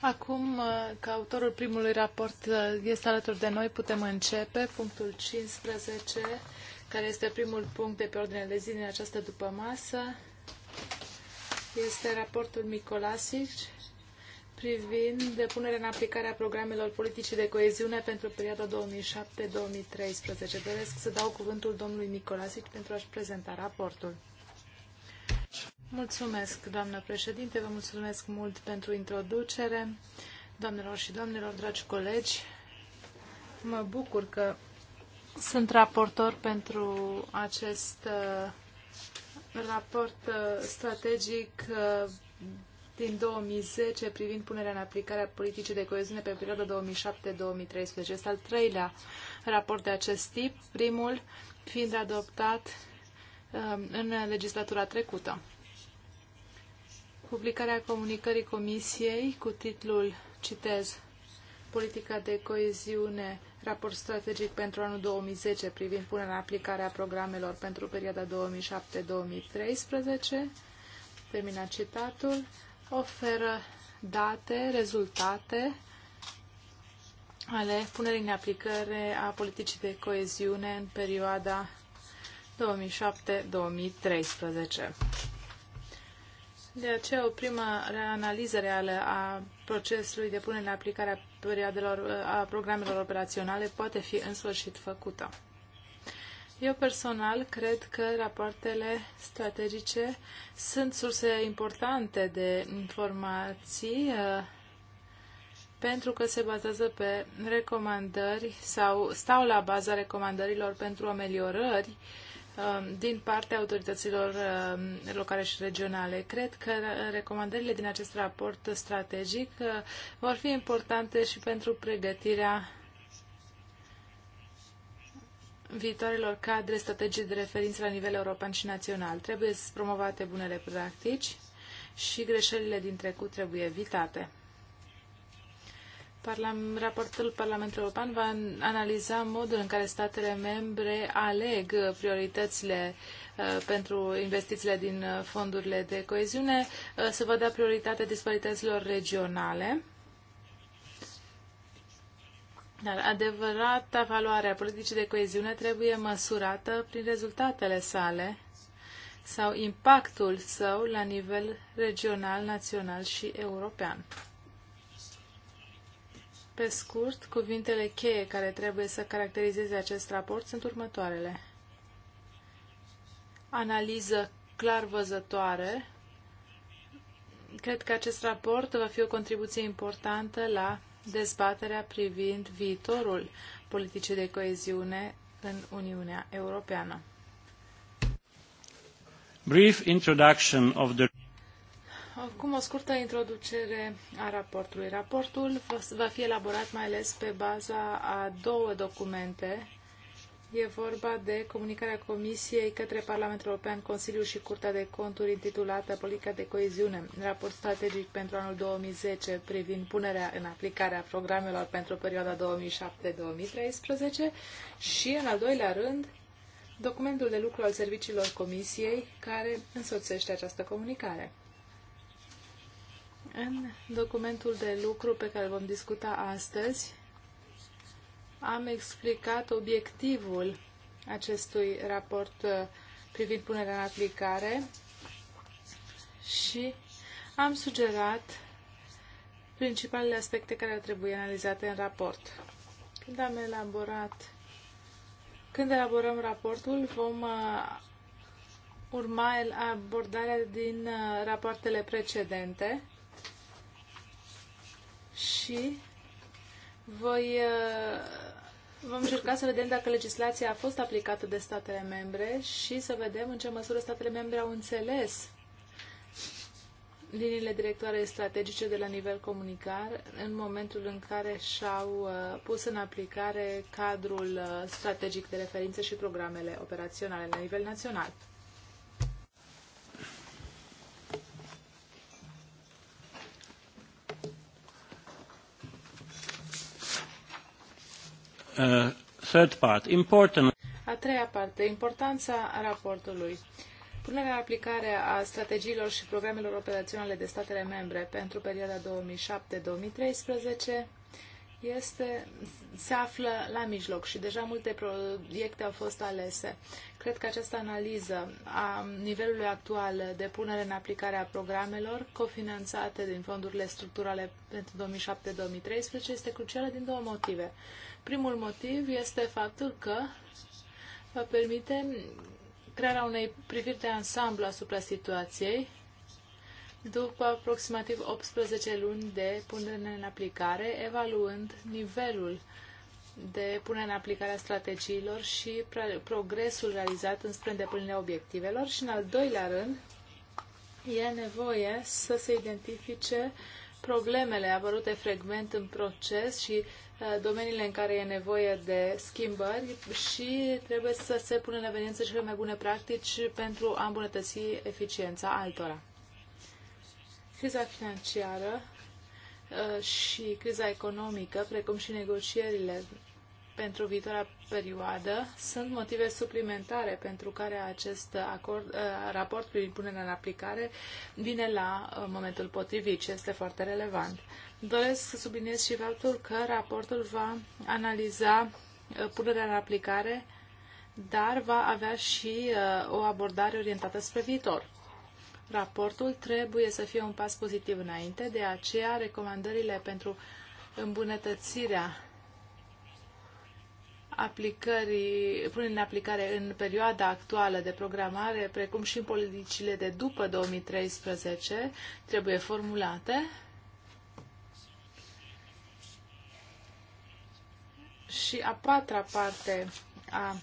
Acum că autorul primului raport uh, este alături de noi, putem începe. Punctul 15, care este primul punct de pe ordinea de zi din această după masă, este raportul Micolasic privind depunerea în aplicare a programelor politice de coeziune pentru perioada 2007-2013. Doresc să dau cuvântul domnului Micolasic pentru a-și prezenta raportul. Mulțumesc, doamnă președinte, vă mulțumesc mult pentru introducere. Doamnelor și domnilor, dragi colegi, mă bucur că sunt raportor pentru acest uh, raport uh, strategic uh, din 2010 privind punerea în aplicare a politicii de coeziune pe perioada 2007-2013. Este al treilea raport de acest tip, primul fiind adoptat um, în legislatura trecută publicarea comunicării Comisiei cu titlul, citez, Politica de coeziune, raport strategic pentru anul 2010 privind punerea în aplicare a programelor pentru perioada 2007-2013, termina citatul, oferă date, rezultate ale punerii în aplicare a politicii de coeziune în perioada 2007-2013. De aceea, o primă analiză reală a procesului de punere în aplicare a, perioadelor, a programelor operaționale poate fi în sfârșit făcută. Eu personal cred că rapoartele strategice sunt surse importante de informații uh, pentru că se bazează pe recomandări sau stau la baza recomandărilor pentru ameliorări Um, din partea autorităților um, locale și regionale. Cred că recomandările din acest raport strategic uh, vor fi importante și pentru pregătirea viitoarelor cadre strategii de referință la nivel european și național. Trebuie să promovate bunele practici și greșelile din trecut trebuie evitate raportul Parlamentului European va analiza modul în care statele membre aleg prioritățile uh, pentru investițiile din uh, fondurile de coeziune. Uh, Se va da prioritate disparităților regionale. Dar adevărata valoare a politicii de coeziune trebuie măsurată prin rezultatele sale sau impactul său la nivel regional, național și european. Pe scurt, cuvintele cheie care trebuie să caracterizeze acest raport sunt următoarele. Analiză clar văzătoare. Cred că acest raport va fi o contribuție importantă la dezbaterea privind viitorul politicii de coeziune în Uniunea Europeană. Brief introduction of the Acum o scurtă introducere a raportului. Raportul va fi elaborat mai ales pe baza a două documente. E vorba de comunicarea Comisiei către Parlamentul European, Consiliul și Curtea de Conturi intitulată Politica de Coeziune, raport strategic pentru anul 2010 privind punerea în aplicare a programelor pentru perioada 2007-2013 și, în al doilea rând, documentul de lucru al serviciilor Comisiei care însoțește această comunicare. În documentul de lucru pe care vom discuta astăzi, am explicat obiectivul acestui raport uh, privind punerea în aplicare și am sugerat principalele aspecte care ar trebui analizate în raport. Când am elaborat, când elaborăm raportul, vom uh, urma abordarea din uh, rapoartele precedente și voi, uh, vom încerca să vedem dacă legislația a fost aplicată de statele membre și să vedem în ce măsură statele membre au înțeles liniile directoare strategice de la nivel comunicar în momentul în care și-au uh, pus în aplicare cadrul uh, strategic de referință și programele operaționale la nivel național. Uh, third part, important. A treia parte, importanța raportului. Punerea în aplicare a strategiilor și programelor operaționale de statele membre pentru perioada 2007-2013 este, se află la mijloc și deja multe proiecte au fost alese. Cred că această analiză a nivelului actual de punere în aplicare a programelor cofinanțate din fondurile structurale pentru 2007-2013 este crucială din două motive. Primul motiv este faptul că permite crearea unei priviri de ansamblu asupra situației după aproximativ 18 luni de punere în aplicare, evaluând nivelul de punere în aplicare a strategiilor și progresul realizat înspre îndeplinirea obiectivelor și, în al doilea rând, e nevoie să se identifice uh, problemele apărute frecvent în proces și uh, domeniile în care e nevoie de schimbări și trebuie să se pună în evidență cele mai bune practici pentru a îmbunătăți eficiența altora. Criza financiară uh, și criza economică, precum și negocierile pentru viitoarea perioadă sunt motive suplimentare pentru care acest acord, uh, raport privind punerea în aplicare vine la uh, momentul potrivit și este foarte relevant. Doresc să subliniez și faptul că raportul va analiza uh, punerea în aplicare, dar va avea și o abordare orientată spre viitor. Raportul trebuie să fie un pas pozitiv înainte, de aceea recomandările pentru îmbunătățirea aplicării, pune în aplicare în perioada actuală de programare, precum și în politicile de după 2013, trebuie formulate și a patra parte a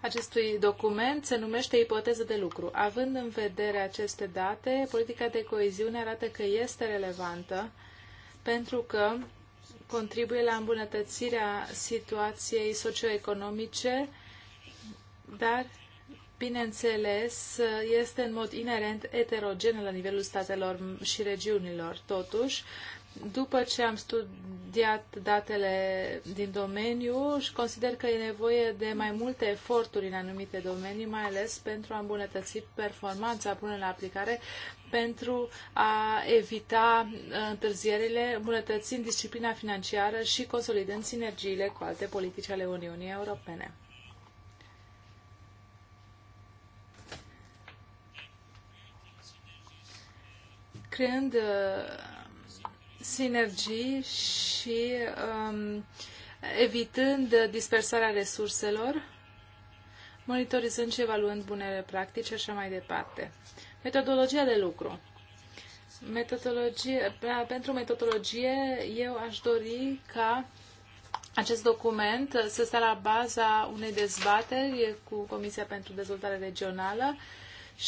acestui document se numește ipoteză de lucru. Având în vedere aceste date, politica de coeziune arată că este relevantă pentru că contribuie la îmbunătățirea situației socioeconomice, dar, bineînțeles, este în mod inerent eterogenă la nivelul statelor și regiunilor. Totuși, după ce am studiat studiat datele din domeniu și consider că e nevoie de mai multe eforturi în anumite domenii, mai ales pentru a îmbunătăți performanța până la aplicare, pentru a evita uh, întârzierile, îmbunătățind disciplina financiară și consolidând sinergiile cu alte politici ale Uniunii Europene. Creând uh, sinergii și um, evitând dispersarea resurselor, monitorizând și evaluând bunele practici și așa mai departe. Metodologia de lucru. Metodologie, da, pentru metodologie, eu aș dori ca acest document să stea la baza unei dezbateri cu Comisia pentru Dezvoltare Regională,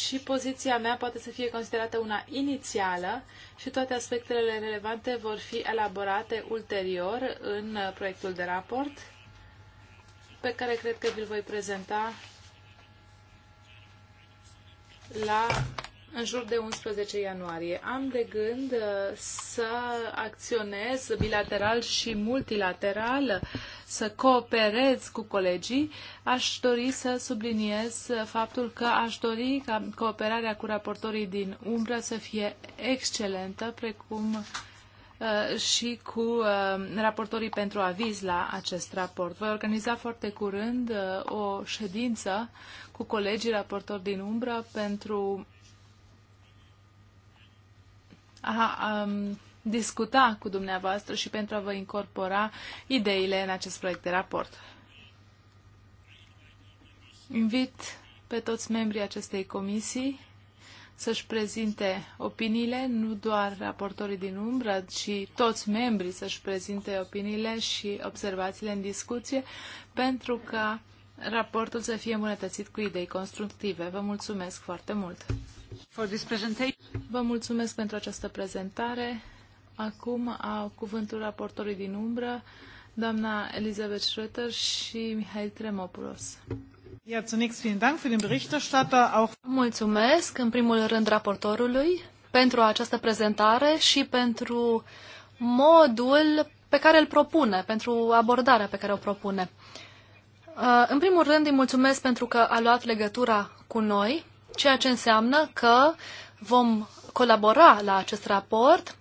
și poziția mea poate să fie considerată una inițială și toate aspectele relevante vor fi elaborate ulterior în proiectul de raport pe care cred că vi-l voi prezenta la în jur de 11 ianuarie. Am de gând uh, să acționez bilateral și multilateral, să cooperez cu colegii. Aș dori să subliniez faptul că aș dori ca cooperarea cu raportorii din umbră să fie excelentă, precum uh, și cu uh, raportorii pentru aviz la acest raport. Voi organiza foarte curând o ședință cu colegii raportori din umbră pentru a um, discuta cu dumneavoastră și pentru a vă incorpora ideile în acest proiect de raport. Invit pe toți membrii acestei comisii să-și prezinte opiniile, nu doar raportorii din umbră, ci toți membrii să-și prezinte opiniile și observațiile în discuție, pentru că raportul să fie îmbunătățit cu idei constructive. Vă mulțumesc foarte mult! Vă mulțumesc pentru această prezentare. Acum a cuvântul raportorului din umbră, doamna Elizabeth Schröter și Mihail Tremopoulos. Mulțumesc, în primul rând, raportorului pentru această prezentare și pentru modul pe care îl propune, pentru abordarea pe care o propune. Uh, în primul rând îi mulțumesc pentru că a luat legătura cu noi, ceea ce înseamnă că vom colabora la acest raport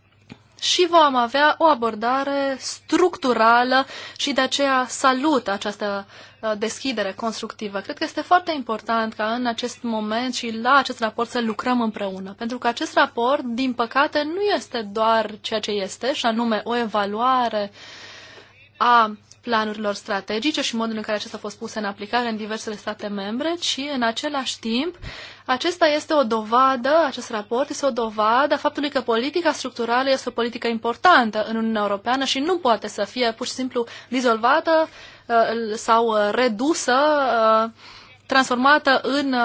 și vom avea o abordare structurală și de aceea salut această uh, deschidere constructivă. Cred că este foarte important ca în acest moment și la acest raport să lucrăm împreună, pentru că acest raport, din păcate, nu este doar ceea ce este, și anume o evaluare a planurilor strategice și modul în care acesta a fost pus în aplicare în diversele state membre, ci în același timp acesta este o dovadă, acest raport este o dovadă a faptului că politica structurală este o politică importantă în Uniunea Europeană și nu poate să fie pur și simplu dizolvată uh, sau uh, redusă, uh, transformată în,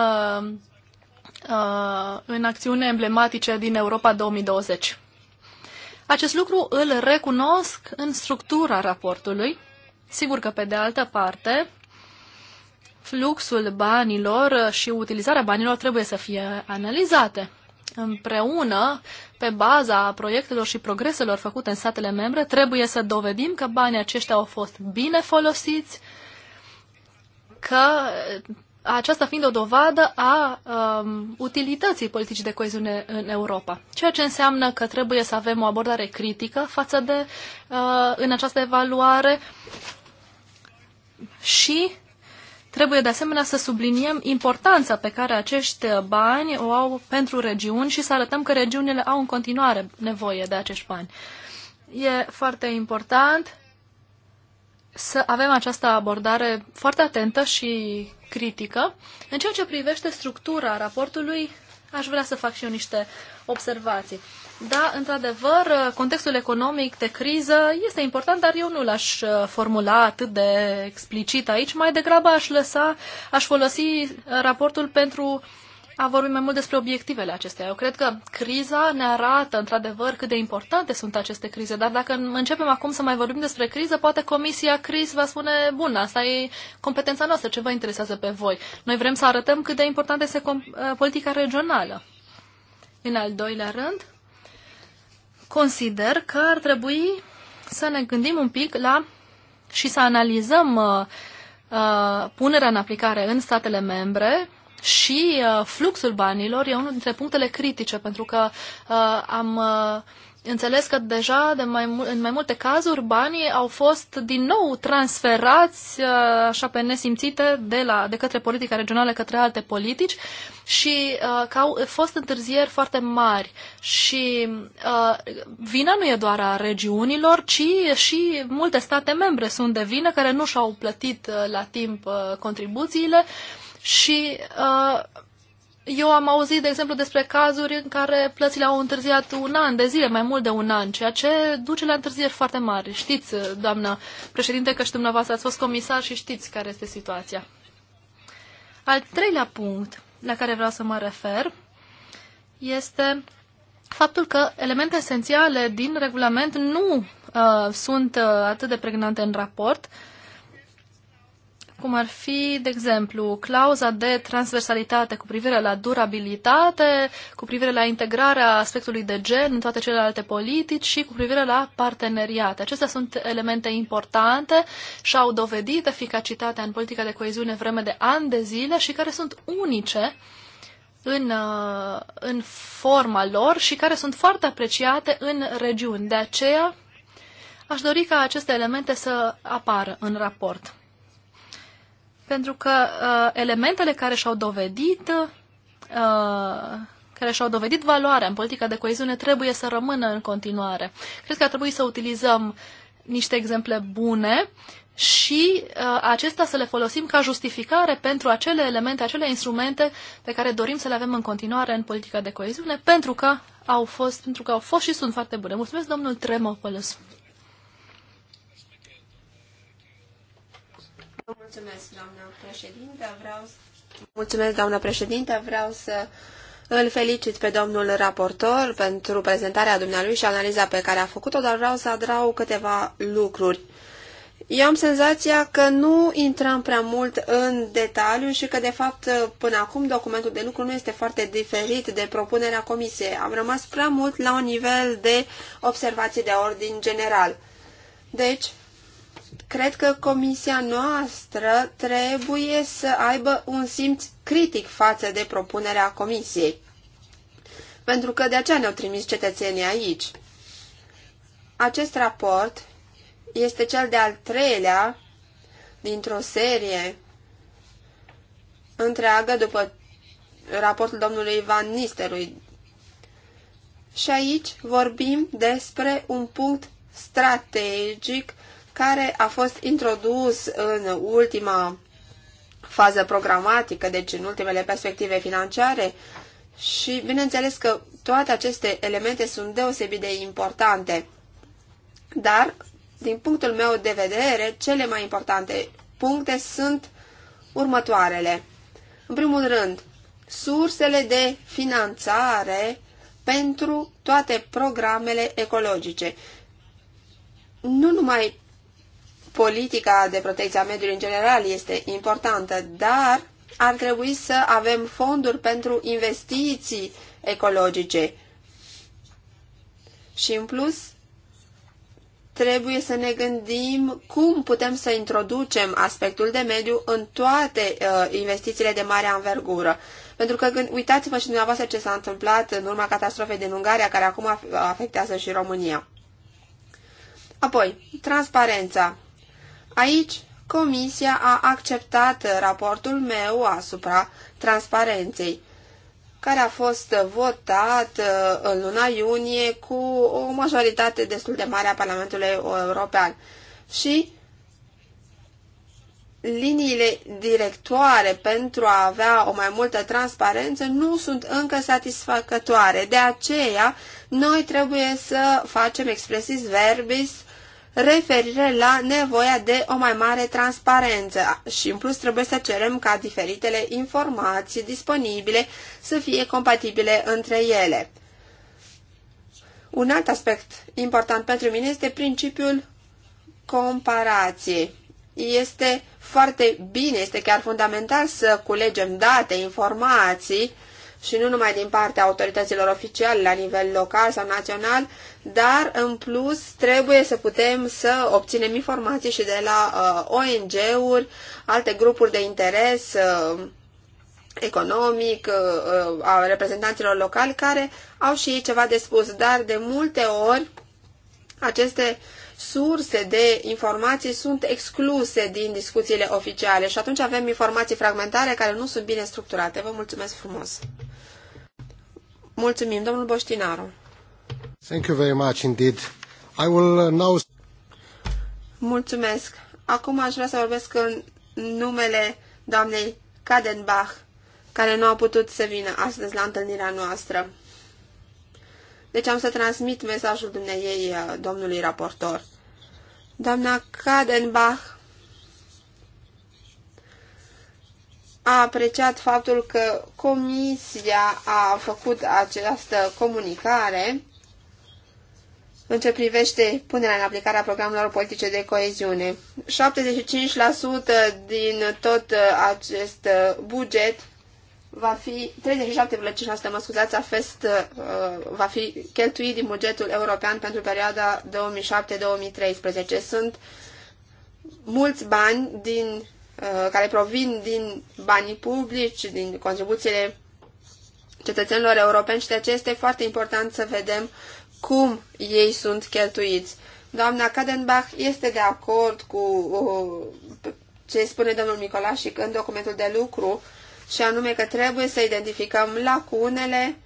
în acțiune emblematice din Europa 2020. Acest lucru îl recunosc în structura raportului Sigur că, pe de altă parte, fluxul banilor și utilizarea banilor trebuie să fie analizate. Împreună, pe baza proiectelor și progreselor făcute în statele membre, trebuie să dovedim că banii aceștia au fost bine folosiți, că uh, aceasta fiind o dovadă a um, utilității politicii de coeziune în Europa. Ceea ce înseamnă că trebuie să avem o abordare critică față de, uh, în această evaluare, și Trebuie de asemenea să subliniem importanța pe care acești bani o au pentru regiuni și să arătăm că regiunile au în continuare nevoie de acești bani. E foarte important să avem această abordare foarte atentă și critică. În ceea ce privește structura raportului, aș vrea să fac și eu niște observații. Da, într-adevăr, contextul economic de criză este important, dar eu nu l-aș uh, formula atât de explicit aici. Mai degrabă aș lăsa, aș folosi uh, raportul pentru a vorbi mai mult despre obiectivele acestea. Eu cred că criza ne arată, într-adevăr, cât de importante sunt aceste crize, dar dacă începem acum să mai vorbim despre criză, poate Comisia CRIS va spune, bun, asta e competența noastră, ce vă interesează pe voi? Noi vrem să arătăm cât de importantă este uh, politica regională. În al doilea rând, consider că ar trebui să ne gândim un pic la și să analizăm uh, uh, punerea în aplicare în statele membre și uh, fluxul banilor e unul dintre punctele critice, pentru că uh, am uh, înțeles că deja de mai, în mai multe cazuri banii au fost din nou transferați așa pe nesimțite de, la, de către politica regională către alte politici și uh, că au fost întârzieri foarte mari și uh, vina nu e doar a regiunilor, ci și multe state membre sunt de vină care nu și-au plătit uh, la timp uh, contribuțiile uh, și uh, eu am auzit, de exemplu, despre cazuri în care plățile au întârziat un an de zile, mai mult de un an, ceea ce duce la întârzieri foarte mari. Știți, uh, doamna președinte, că și dumneavoastră ați fost comisar și știți care este situația. Al treilea punct la care vreau să mă refer este faptul că elemente esențiale din regulament nu uh, sunt uh, atât de pregnante în raport, uh, cum ar fi, de exemplu, clauza de transversalitate cu privire la durabilitate, cu privire la integrarea aspectului de gen în toate celelalte politici și cu privire la parteneriate. Acestea sunt elemente importante și au dovedit eficacitatea în politica de coeziune vreme de ani de zile și care sunt unice în, uh, în forma lor și care sunt foarte apreciate în regiuni. De aceea, aș dori ca aceste elemente să apară în raport pentru că uh, elementele care și-au dovedit uh, care și-au dovedit valoarea în politica de coeziune trebuie să rămână în continuare. Cred că ar trebui să utilizăm niște exemple bune și uh, acesta să le folosim ca justificare pentru acele elemente, acele instrumente pe care dorim să le avem în continuare în politica de coeziune, pentru că au fost, pentru că au fost și sunt foarte bune. Mulțumesc, domnul Tremopoulos. Mulțumesc, doamnă președinte. Vreau Mulțumesc, președinte. Vreau să îl felicit pe domnul raportor pentru prezentarea dumnealui și analiza pe care a făcut-o, dar vreau să adrau câteva lucruri. Eu am senzația că nu intrăm prea mult în detaliu și că, de fapt, până acum documentul de lucru nu este foarte diferit de propunerea comisiei. Am rămas prea mult la un nivel de observații de ordin general. Deci, Cred că comisia noastră trebuie să aibă un simț critic față de propunerea comisiei. Pentru că de aceea ne-au trimis cetățenii aici. Acest raport este cel de-al treilea dintr-o serie întreagă după raportul domnului Van Nisterui. Și aici vorbim despre un punct strategic care a fost introdus în ultima fază programatică, deci în ultimele perspective financiare și bineînțeles că toate aceste elemente sunt deosebit de importante. Dar, din punctul meu de vedere, cele mai importante puncte sunt următoarele. În primul rând, sursele de finanțare pentru toate programele ecologice. Nu numai politica de protecție a mediului în general este importantă, dar ar trebui să avem fonduri pentru investiții ecologice. Și în plus, trebuie să ne gândim cum putem să introducem aspectul de mediu în toate uh, investițiile de mare anvergură. Pentru că gând, uitați-vă și dumneavoastră ce s-a întâmplat în urma catastrofei din Ungaria, care acum afectează și România. Apoi, transparența. Aici, Comisia a acceptat raportul meu asupra transparenței, care a fost votat uh, în luna iunie cu o majoritate destul de mare a Parlamentului European. Și liniile directoare pentru a avea o mai multă transparență nu sunt încă satisfăcătoare. De aceea, noi trebuie să facem expresis verbis referire la nevoia de o mai mare transparență și în plus trebuie să cerem ca diferitele informații disponibile să fie compatibile între ele. Un alt aspect important pentru mine este principiul comparației. Este foarte bine, este chiar fundamental să culegem date, informații, și nu numai din partea autorităților oficiale la nivel local sau național, dar în plus trebuie să putem să obținem informații și de la uh, ONG-uri, alte grupuri de interes uh, economic, uh, uh, a reprezentanților locali care au și ei ceva de spus, dar de multe ori aceste uh, surse de informații sunt excluse din discuțiile oficiale și atunci avem informații fragmentare care nu sunt bine structurate. Vă mulțumesc frumos! Mulțumim, domnul Boștinaru! Thank you very much indeed. I will uh, now... Mulțumesc! Acum aș vrea să vorbesc în numele doamnei Kadenbach, care nu a putut să vină astăzi la întâlnirea noastră. Deci am să transmit mesajul dumneiei uh, domnului raportor. Doamna Kadenbach a apreciat faptul că comisia a făcut această comunicare în ce privește punerea în aplicare a programelor politice de coeziune. 75% din tot uh, acest uh, buget va fi 37,5% mă scuzați, a fost, uh, va fi cheltuit din bugetul european pentru perioada 2007-2013. Sunt mulți bani din, uh, care provin din banii publici, din contribuțiile cetățenilor europeni și de aceea este foarte important să vedem cum ei sunt cheltuiți. Doamna Kadenbach este de acord cu uh, ce spune domnul că în documentul de lucru și anume că trebuie să identificăm lacunele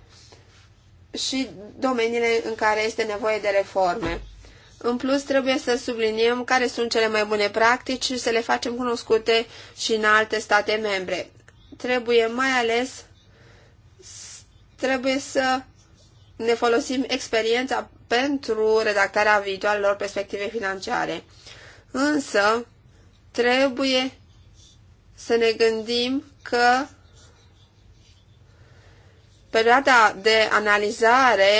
și domeniile în care este nevoie de reforme. În plus, trebuie să subliniem care sunt cele mai bune practici și să le facem cunoscute și în alte state membre. Trebuie mai ales trebuie să ne folosim experiența pentru redactarea viitoarelor perspective financiare. Însă, trebuie să ne gândim că perioada de analizare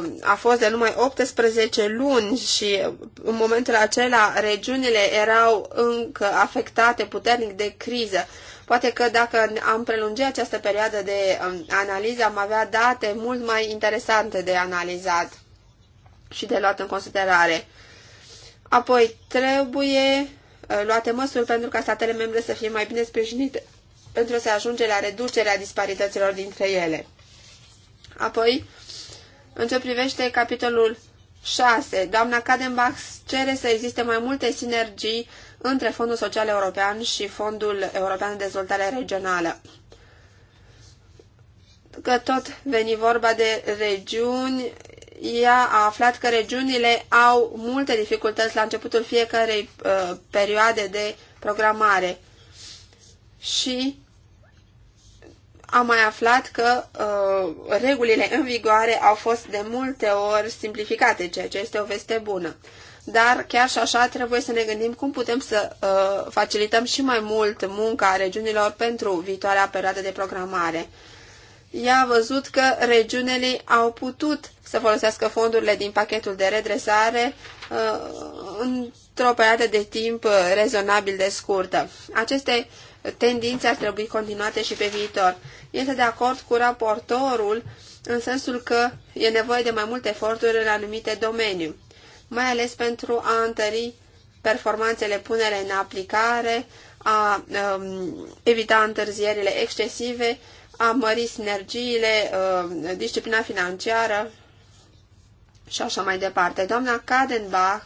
uh, a fost de numai 18 luni și în momentul acela regiunile erau încă afectate puternic de criză. Poate că dacă am prelungit această perioadă de um, analiză, am avea date mult mai interesante de analizat și de luat în considerare. Apoi, trebuie uh, luate măsuri pentru ca statele membre să fie mai bine sprijinite pentru a se ajunge la reducerea disparităților dintre ele. Apoi, în ce privește capitolul 6, doamna Cadenbach cere să existe mai multe sinergii între Fondul Social European și Fondul European de Dezvoltare Regională. Că tot veni vorba de regiuni, ea a aflat că regiunile au multe dificultăți la începutul fiecarei uh, perioade de programare și am mai aflat că uh, regulile în vigoare au fost de multe ori simplificate, ceea ce este o veste bună. Dar chiar și așa trebuie să ne gândim cum putem să uh, facilităm și mai mult munca regiunilor pentru viitoarea perioadă de programare. Ea a văzut că regiunile au putut să folosească fondurile din pachetul de redresare uh, într-o perioadă de timp rezonabil de scurtă. Aceste tendințe ar trebui continuate și pe viitor. Este de acord cu raportorul în sensul că e nevoie de mai multe eforturi în anumite domenii, mai ales pentru a întări performanțele punere în aplicare, a um, evita întârzierile excesive, a mări sinergiile, uh, disciplina financiară și așa mai departe. Doamna Kadenbach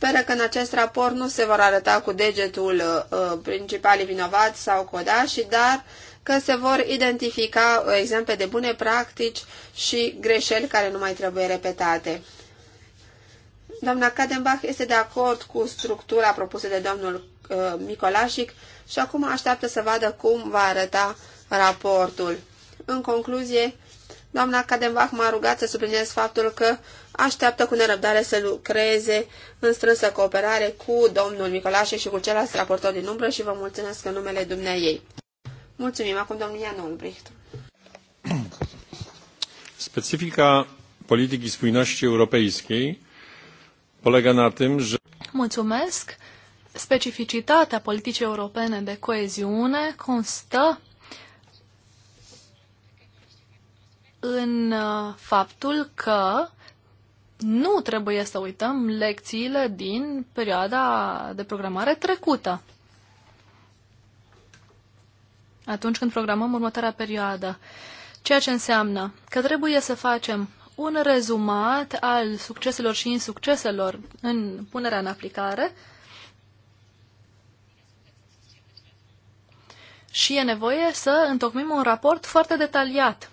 Speră că în acest raport nu se vor arăta cu degetul uh, uh principalii vinovați sau codași, dar că se vor identifica uh, exemple de bune practici și greșeli care nu mai trebuie repetate. Doamna Kadenbach este de acord cu structura propusă de domnul uh, Micolașic și acum așteaptă să vadă cum va arăta raportul. În concluzie, doamna Kadenbach m-a rugat să subliniez faptul că așteaptă cu nerăbdare să lucreze în strânsă cooperare cu domnul Nicolae și cu celălalt raportor din umbră și vă mulțumesc în numele dumneai ei. Mulțumim acum domnul Ian Olbricht. Specifica politicii spójności europejskiej polega na tym, że... Mulțumesc. Specificitatea politicii europene de coeziune constă în uh, faptul că nu trebuie să uităm lecțiile din perioada de programare trecută. Atunci când programăm următoarea perioadă. Ceea ce înseamnă că trebuie să facem un rezumat al succeselor și insucceselor în punerea în aplicare și e nevoie să întocmim un raport foarte detaliat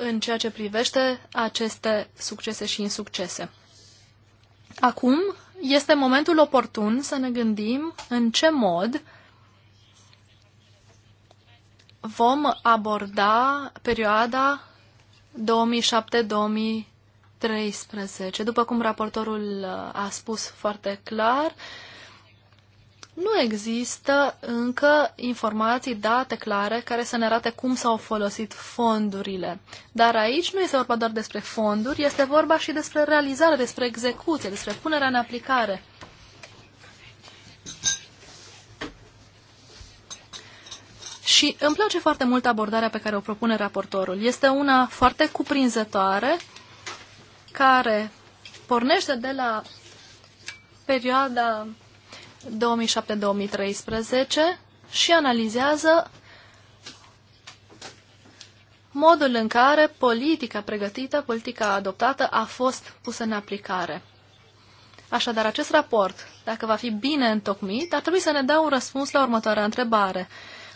în ceea ce privește aceste succese și insuccese. Acum este momentul oportun să ne gândim în ce mod vom aborda perioada 2007-2013. După cum raportorul uh, a spus foarte clar, uh, nu există încă informații, date clare care să ne arate cum s-au folosit fondurile. Dar aici nu este vorba doar despre fonduri, este vorba și despre realizare, despre execuție, despre punerea în aplicare. Și îmi place foarte mult abordarea pe care o propune raportorul. Este una foarte cuprinzătoare, care pornește de la perioada 2007-2013 și analizează modul în care politica pregătită, politica adoptată a fost pusă în aplicare. Așadar, acest raport, dacă va fi bine întocmit, ar trebui să ne dea un răspuns la următoarea întrebare.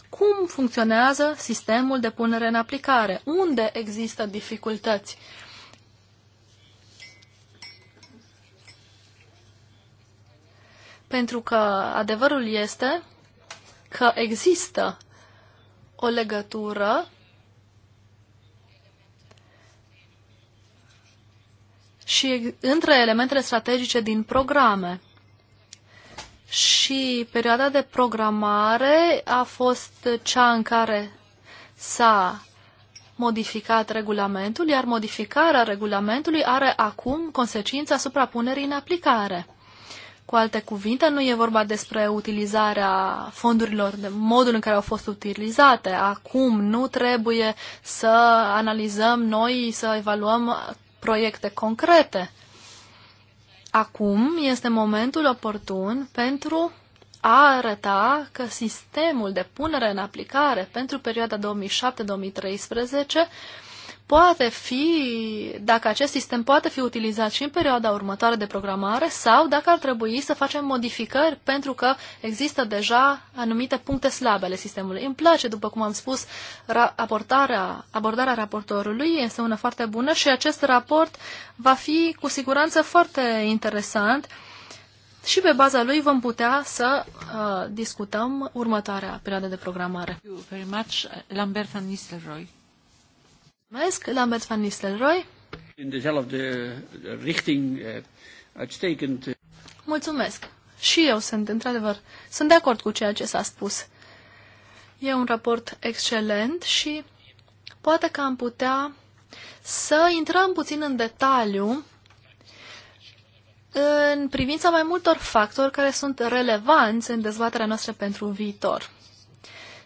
Cum funcționează sistemul de punere în aplicare? Unde există dificultăți? Pentru că adevărul este că există o legătură și între elementele strategice din programe. Și perioada de programare a fost cea în care s-a modificat regulamentul, iar modificarea regulamentului are acum consecința suprapunerii în aplicare. Cu alte cuvinte, nu e vorba despre utilizarea fondurilor, de modul în care au fost utilizate acum. Nu trebuie să analizăm noi, să evaluăm proiecte concrete. Acum este momentul oportun pentru a arăta că sistemul de punere în aplicare pentru perioada 2007-2013 poate fi, dacă acest sistem poate fi utilizat și în perioada următoare de programare sau dacă ar trebui să facem modificări pentru că există deja anumite puncte slabe ale sistemului. Îmi place, după cum am spus, abordarea, abordarea raportorului este una foarte bună și acest raport va fi cu siguranță foarte interesant și pe baza lui vom putea să uh, discutăm următoarea perioadă de programare. Thank you very much, Lambert van Nistelrooy. Mulțumesc, Lambert van Nistelrooy. In dezelfde richting eh, uitstekend. Mulțumesc. Și eu sunt, într-adevăr, sunt de acord cu ceea ce s-a spus. E un raport excelent și poate că am putea să intrăm puțin în detaliu în privința mai multor factori care sunt relevanți în dezbaterea noastră pentru viitor.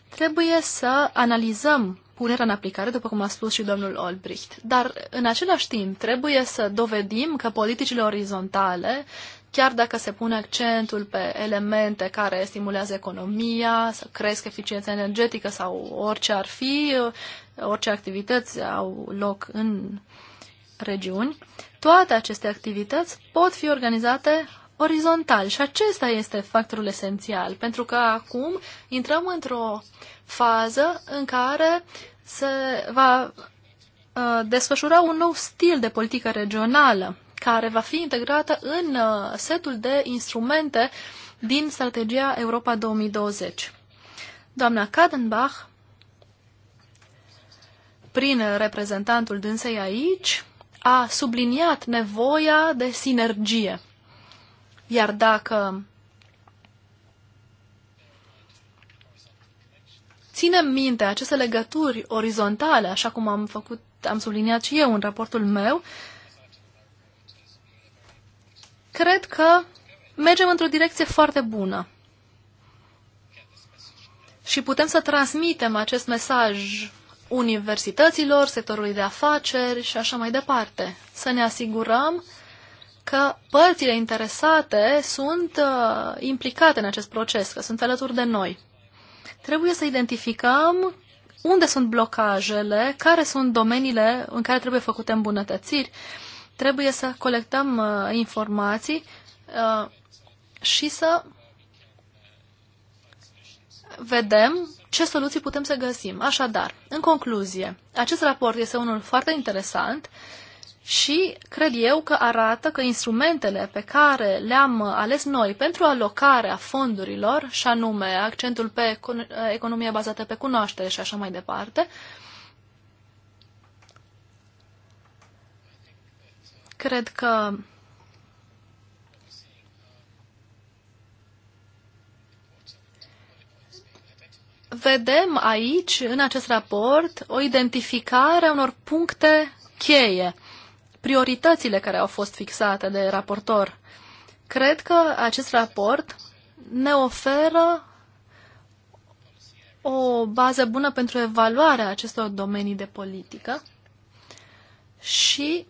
Trebuie să analizăm punerea în aplicare, după cum a spus și domnul Olbricht. Dar, în același timp, trebuie să dovedim că politicile orizontale, chiar dacă se pune accentul pe elemente care stimulează economia, să cresc eficiența energetică sau orice ar fi, orice activități au loc în regiuni, toate aceste activități pot fi organizate orizontal și acesta este factorul esențial, pentru că acum intrăm într-o fază în care se va uh, desfășura un nou stil de politică regională care va fi integrată în uh, setul de instrumente din strategia Europa 2020. Doamna Kadenbach, prin reprezentantul dânsei aici, a subliniat nevoia de sinergie iar dacă ținem minte aceste legături orizontale, așa cum am făcut, am subliniat și eu în raportul meu, cred că mergem într-o direcție foarte bună. Și putem să transmitem acest mesaj universităților, sectorului de afaceri și așa mai departe. Să ne asigurăm că părțile interesate sunt uh, implicate în acest proces, că sunt alături de noi. Trebuie să identificăm unde sunt blocajele, care sunt domeniile în care trebuie făcute îmbunătățiri, trebuie să colectăm uh, informații uh, și să vedem ce soluții putem să găsim. Așadar, în concluzie, acest raport este unul foarte interesant. Uh, și cred eu că arată că instrumentele pe care le-am ales noi pentru alocarea fondurilor, și anume accentul pe economie bazată pe cunoaștere și așa mai departe, cred că vedem aici, în acest raport, o identificare a unor puncte cheie prioritățile care au fost fixate de raportor. Cred că acest raport ne oferă o bază bună pentru evaluarea acestor domenii de politică și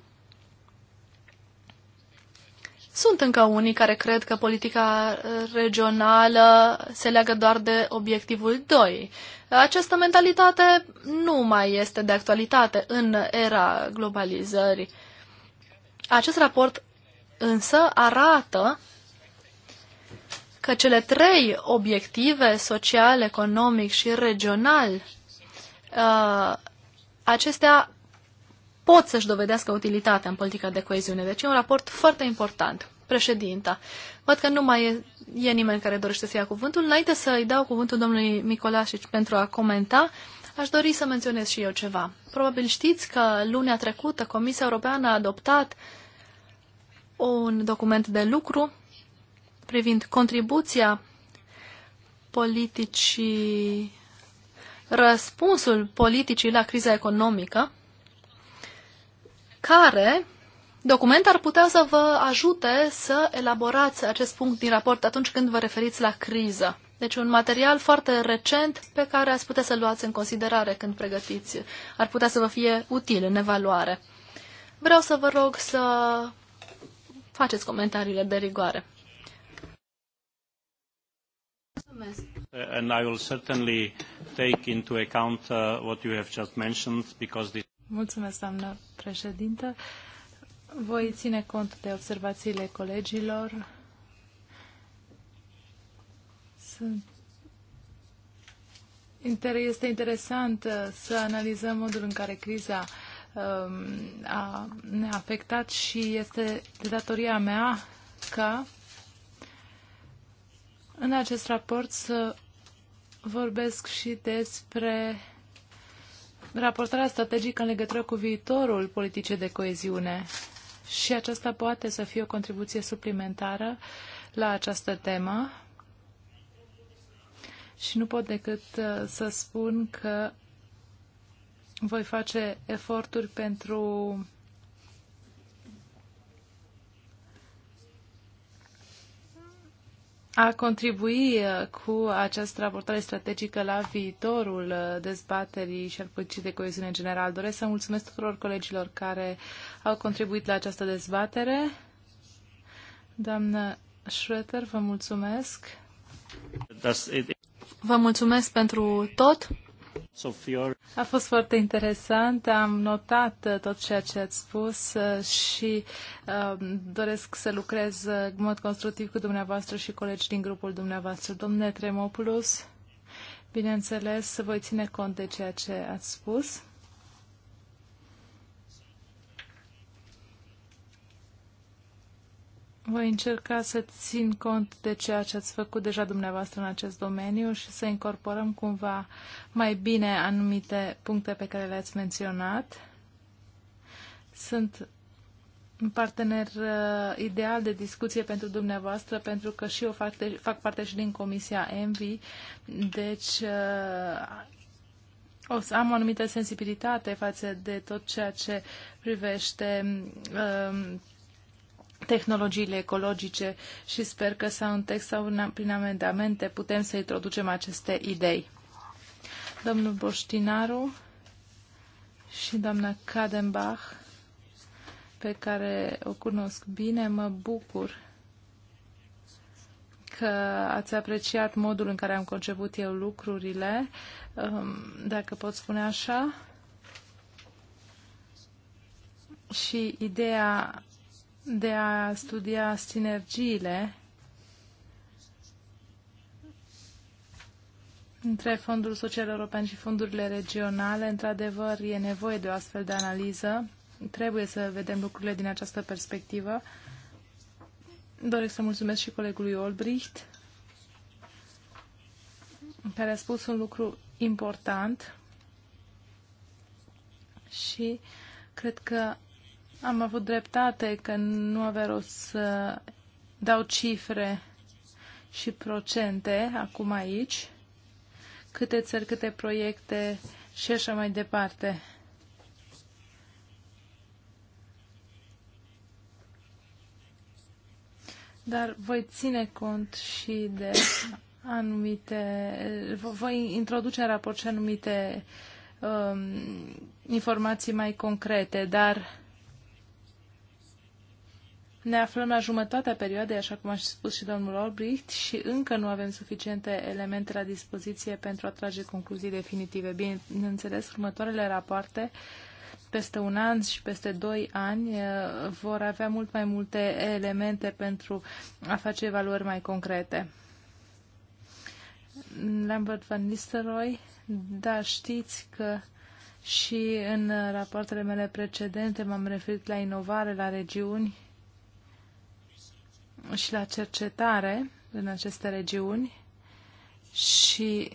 sunt încă unii care cred că politica regională se leagă doar de obiectivul 2. Această mentalitate nu mai este de actualitate în era globalizării. Acest raport însă arată că cele trei obiective social, economic și regional, uh, acestea pot să-și dovedească utilitatea în politica de coeziune. Deci e un raport foarte important. Președinta, văd că nu mai e, e nimeni care dorește să ia cuvântul. Înainte să-i dau cuvântul domnului Micolașici pentru a comenta, uh, Aș dori să menționez și eu ceva. Probabil știți că lunea trecută Comisia Europeană a adoptat un document de lucru privind contribuția politicii, răspunsul politicii la criza economică, care document ar putea să vă ajute să elaborați acest punct din raport atunci când vă referiți la criză. Deci un material foarte recent pe care ați putea să-l luați în considerare când pregătiți. Ar putea să vă fie util în evaluare. Vreau să vă rog să faceți comentariile de rigoare. Mulțumesc. And I will certainly take into account uh, what you have just mentioned because this Mulțumesc, doamnă președintă. Voi ține cont de observațiile colegilor este interesant uh, să analizăm modul în care criza um, a, ne-a afectat și este de datoria mea ca în acest raport să vorbesc și despre raportarea strategică în legătură cu viitorul politicii de coeziune. Și aceasta poate să fie o contribuție suplimentară la această temă și nu pot decât uh, să spun că voi face eforturi pentru a contribui uh, cu această raportare strategică la viitorul uh, dezbaterii și al politicii de coeziune în general. Doresc să mulțumesc tuturor colegilor care au contribuit la această dezbatere. Doamnă Schröter, vă mulțumesc. Vă mulțumesc pentru tot. A fost foarte interesant, am notat uh, tot ceea ce ați spus uh, și uh, doresc să lucrez în mod constructiv cu dumneavoastră și colegi din grupul dumneavoastră. Domnule Tremopoulos, bineînțeles, voi ține cont de ceea ce ați spus. Voi încerca să țin cont de ceea ce ați făcut deja dumneavoastră în acest domeniu și să incorporăm cumva mai bine anumite puncte pe care le-ați menționat. Sunt un partener uh, ideal de discuție pentru dumneavoastră, pentru că și eu fac, de, fac parte și din Comisia Envi, deci uh, o să am o anumită sensibilitate față de tot ceea ce privește uh, tehnologiile ecologice și sper că sau în text sau în, prin amendamente putem să introducem aceste idei. Domnul Boștinaru și doamna Kadenbach, pe care o cunosc bine, mă bucur că ați apreciat modul în care am conceput eu lucrurile, um, dacă pot spune așa. Și ideea de a studia sinergiile între Fondul Social European și fondurile regionale. Într-adevăr, e nevoie de o astfel de analiză. Trebuie să vedem lucrurile din această perspectivă. Doresc să mulțumesc și colegului Olbricht, care a spus un lucru important și cred că am avut dreptate că nu avea rost să dau cifre și procente acum aici, câte țări, câte proiecte și așa mai departe. Dar voi ține cont și de anumite, voi introduce în raport și anumite um, informații mai concrete, dar ne aflăm la jumătatea perioadei, așa cum a spus și domnul Olbricht, și încă nu avem suficiente elemente la dispoziție pentru a trage concluzii definitive. Bineînțeles, următoarele rapoarte peste un an și peste doi ani eh, vor avea mult mai multe elemente pentru a face evaluări mai concrete. Lambert Van Nistelrooy, da, știți că și în rapoartele mele precedente m-am referit la inovare, la regiuni și la cercetare în aceste regiuni și,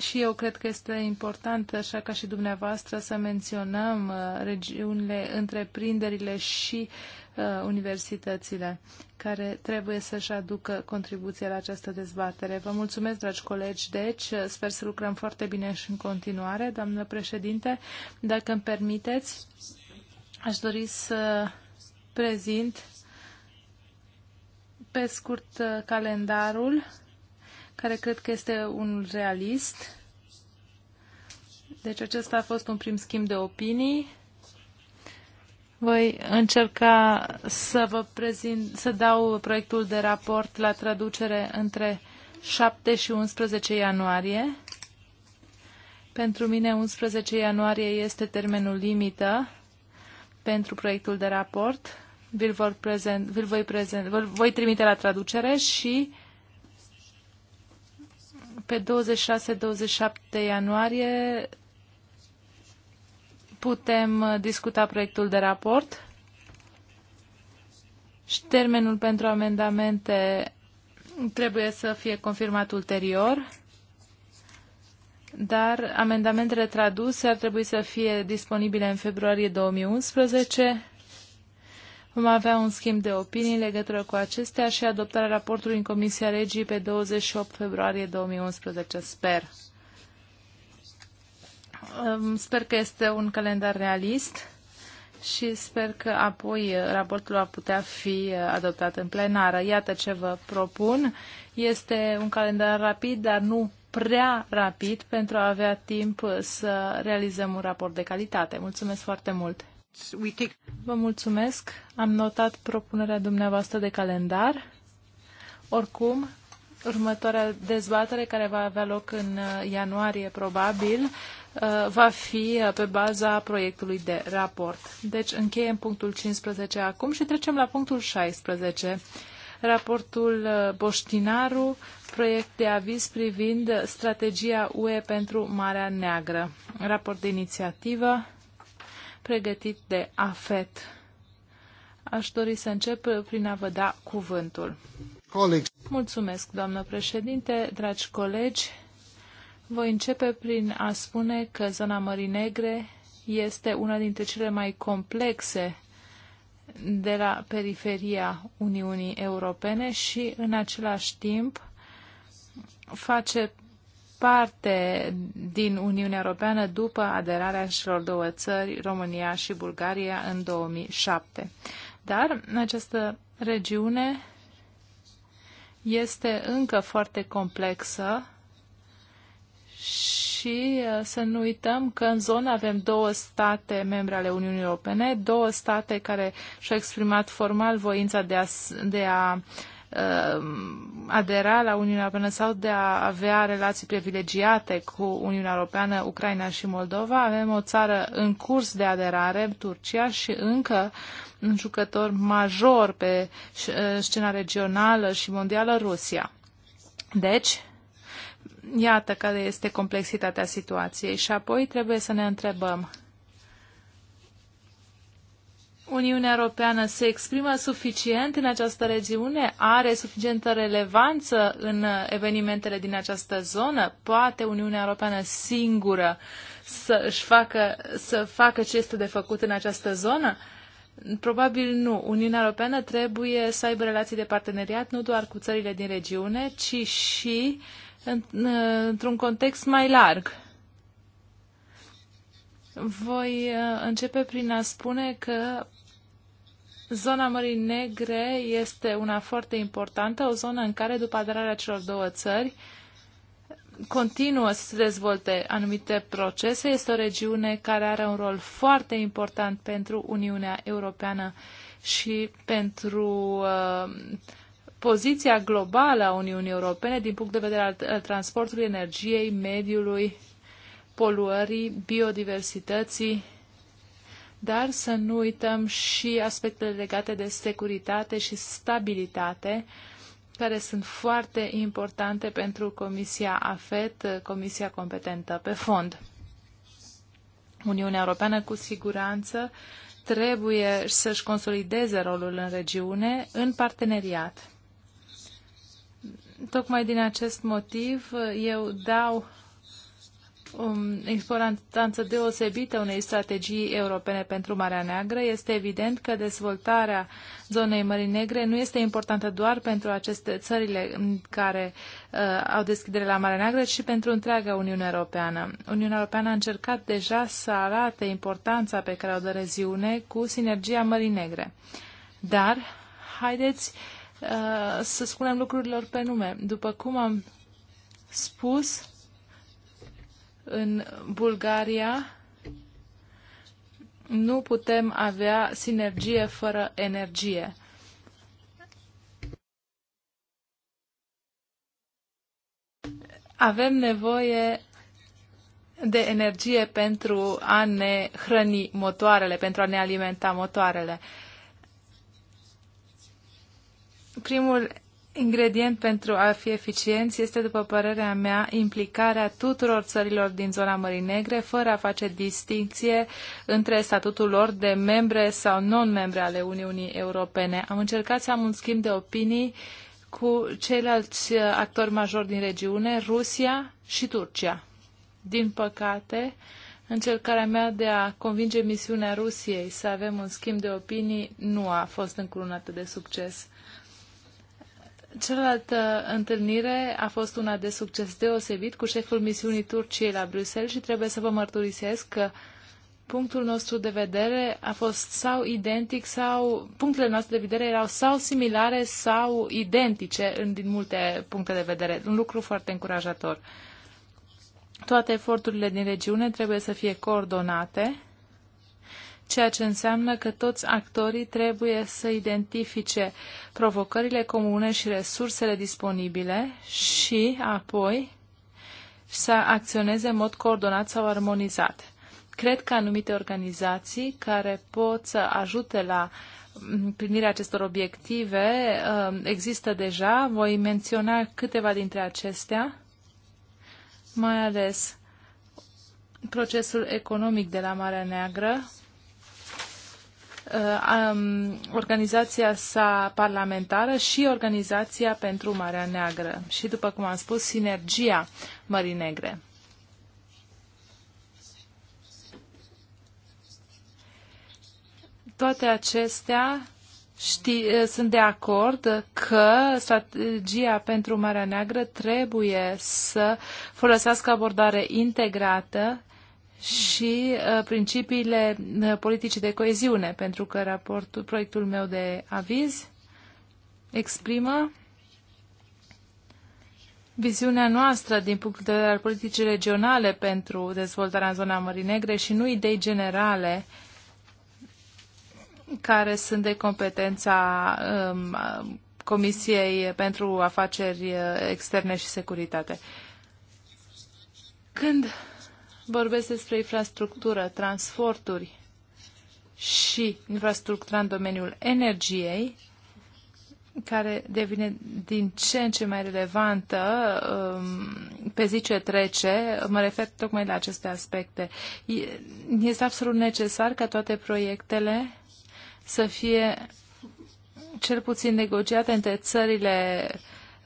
și eu cred că este important, așa ca și dumneavoastră, să menționăm uh, regiunile, întreprinderile și uh, universitățile care trebuie să-și aducă contribuția la această dezbatere. Vă mulțumesc, dragi colegi, deci uh, sper să lucrăm foarte bine și în continuare. Doamnă președinte, dacă îmi permiteți, aș dori să prezint pe scurt uh, calendarul, care cred că este un realist. Deci acesta a fost un prim schimb de opinii. Voi încerca să vă prezint, să dau proiectul de raport la traducere între 7 și 11 ianuarie. Pentru mine 11 ianuarie este termenul limită pentru proiectul de raport vi-l, vor prezent, vi voi, prezent, vi voi trimite la traducere și pe 26-27 ianuarie putem discuta proiectul de raport și termenul pentru amendamente trebuie să fie confirmat ulterior, dar amendamentele traduse ar trebui să fie disponibile în februarie 2011 Vom avea un schimb de opinii în legătură cu acestea și adoptarea raportului în Comisia Regii pe 28 februarie 2011, sper. Sper că este un calendar realist și sper că apoi raportul va putea fi adoptat în plenară. Iată ce vă propun. Este un calendar rapid, dar nu prea rapid pentru a avea timp să realizăm un raport de calitate. Mulțumesc foarte mult! Vă mulțumesc. Am notat propunerea dumneavoastră de calendar. Oricum, următoarea dezbatere care va avea loc în uh, ianuarie, probabil, uh, va fi uh, pe baza proiectului de raport. Deci încheiem punctul 15 acum și trecem la punctul 16. Raportul Boștinaru, proiect de aviz privind strategia UE pentru Marea Neagră. Raport de inițiativă pregătit de AFET. Aș dori să încep prin a vă da cuvântul. Colegi. Mulțumesc, doamnă președinte, dragi colegi. Voi începe prin a spune că zona Mării Negre este una dintre cele mai complexe de la periferia Uniunii Europene și, în același timp, face parte din Uniunea Europeană după aderarea celor două țări, România și Bulgaria, în 2007. Dar această regiune este încă foarte complexă și uh, să nu uităm că în zonă avem două state membre ale Uniunii Europene, două state care și-au exprimat formal voința de a, de a uh, Um, adera la Uniunea Europeană sau de a avea relații privilegiate cu Uniunea Europeană, Ucraina și Moldova. Avem o țară în curs de aderare, Turcia, și încă un jucător major pe uh, scena regională și mondială, Rusia. Deci, iată care este complexitatea situației și apoi trebuie să ne întrebăm Uniunea Europeană se exprimă suficient în această regiune? Are suficientă relevanță în evenimentele din această zonă? Poate Uniunea Europeană singură să își facă, să facă ce este de făcut în această zonă? Probabil nu. Uniunea Europeană trebuie să aibă relații de parteneriat nu doar cu țările din regiune, ci și într-un context mai larg. Voi uh, începe prin a spune că Zona Mării Negre este una foarte importantă, o zonă în care, după aderarea celor două țări, continuă să se dezvolte anumite procese. Este o regiune care are un rol foarte important pentru Uniunea Europeană și pentru uh, poziția globală a Uniunii Europene din punct de vedere al, al transportului, energiei, mediului, poluării, biodiversității dar să nu uităm și aspectele legate de securitate și stabilitate, care sunt foarte importante pentru Comisia AFET, Comisia competentă pe fond. Uniunea Europeană cu siguranță trebuie să-și consolideze rolul în regiune în parteneriat. Tocmai din acest motiv eu dau Um, importanță deosebită unei strategii europene pentru Marea Neagră. Este evident că dezvoltarea zonei Mării Negre nu este importantă doar pentru aceste țările care uh, au deschidere la Marea Neagră, ci pentru întreaga Uniune Europeană. Uniunea Europeană a încercat deja să arate importanța pe care o dă reziune cu sinergia Mării Negre. Dar, haideți uh, să spunem lucrurilor pe nume. După cum am spus, în Bulgaria nu putem avea sinergie fără energie. Avem nevoie de energie pentru a ne hrăni motoarele, pentru a ne alimenta motoarele. Primul ingredient pentru a fi eficienți este, după părerea mea, implicarea tuturor țărilor din zona Mării Negre, fără a face distinție între statutul lor de membre sau non-membre ale Uniunii Europene. Am încercat să am un schimb de opinii cu ceilalți uh, actori majori din regiune, Rusia și Turcia. Din păcate, încercarea mea de a convinge misiunea Rusiei să avem un schimb de opinii nu a fost încurunată de succes. Cealaltă uh, întâlnire a fost una de succes deosebit cu șeful misiunii Turciei la Bruxelles și trebuie să vă mărturisesc că punctul nostru de vedere a fost sau identic sau punctele noastre de vedere erau sau similare sau identice în, din multe puncte de vedere. Un lucru foarte încurajator. Toate eforturile din regiune trebuie să fie coordonate ceea ce înseamnă că toți actorii trebuie să identifice provocările comune și resursele disponibile și apoi să acționeze în mod coordonat sau armonizat. Cred că anumite organizații care pot să ajute la primirea acestor obiective um, există deja. Voi menționa câteva dintre acestea, mai ales procesul economic de la Marea Neagră, Uh, organizația sa parlamentară și organizația pentru Marea Neagră și, după cum am spus, sinergia Mării Negre. Toate acestea Știi, uh, sunt de acord că strategia pentru Marea Neagră trebuie să folosească abordare integrată și uh, principiile uh, politicii de coeziune, pentru că raportul, proiectul meu de aviz exprimă viziunea noastră din punct de vedere al politicii regionale pentru dezvoltarea în zona Mării Negre și nu idei generale care sunt de competența um, Comisiei pentru Afaceri uh, Externe și Securitate. Când vorbesc despre infrastructură, transporturi și infrastructura în domeniul energiei, care devine din ce în ce mai relevantă um, pe zi ce trece, mă refer tocmai la aceste aspecte. Este absolut necesar ca toate proiectele să fie cel puțin negociate între țările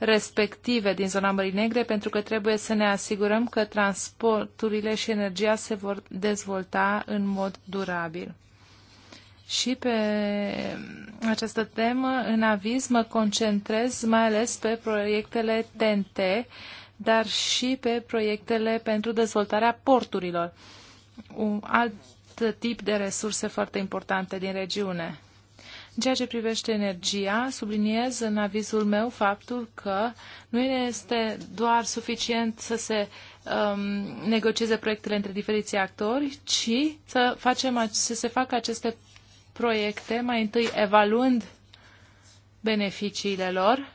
respective din zona Mării Negre, pentru că trebuie să ne asigurăm că transporturile și energia se vor dezvolta în mod durabil. Și pe această temă, în aviz, mă concentrez mai ales pe proiectele TNT, dar și pe proiectele pentru dezvoltarea porturilor, un alt tip de resurse foarte importante din regiune. În ceea ce privește energia, subliniez în avizul meu faptul că nu este doar suficient să se um, negocieze proiectele între diferiți actori, ci să, facem, să se facă aceste proiecte mai întâi evaluând beneficiile lor,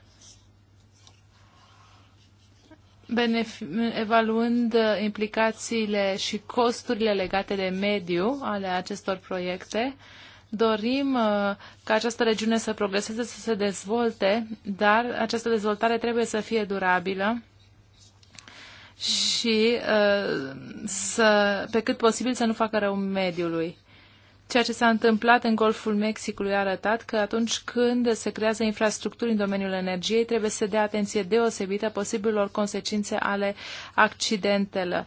evaluând implicațiile și costurile legate de mediu ale acestor proiecte Dorim uh, ca această regiune să progreseze, să se dezvolte, dar această dezvoltare trebuie să fie durabilă și uh, să, pe cât posibil să nu facă rău mediului. Ceea ce s-a întâmplat în Golful Mexicului a arătat că atunci când se creează infrastructuri în domeniul energiei, trebuie să dea atenție deosebită posibilor consecințe ale accidentelor,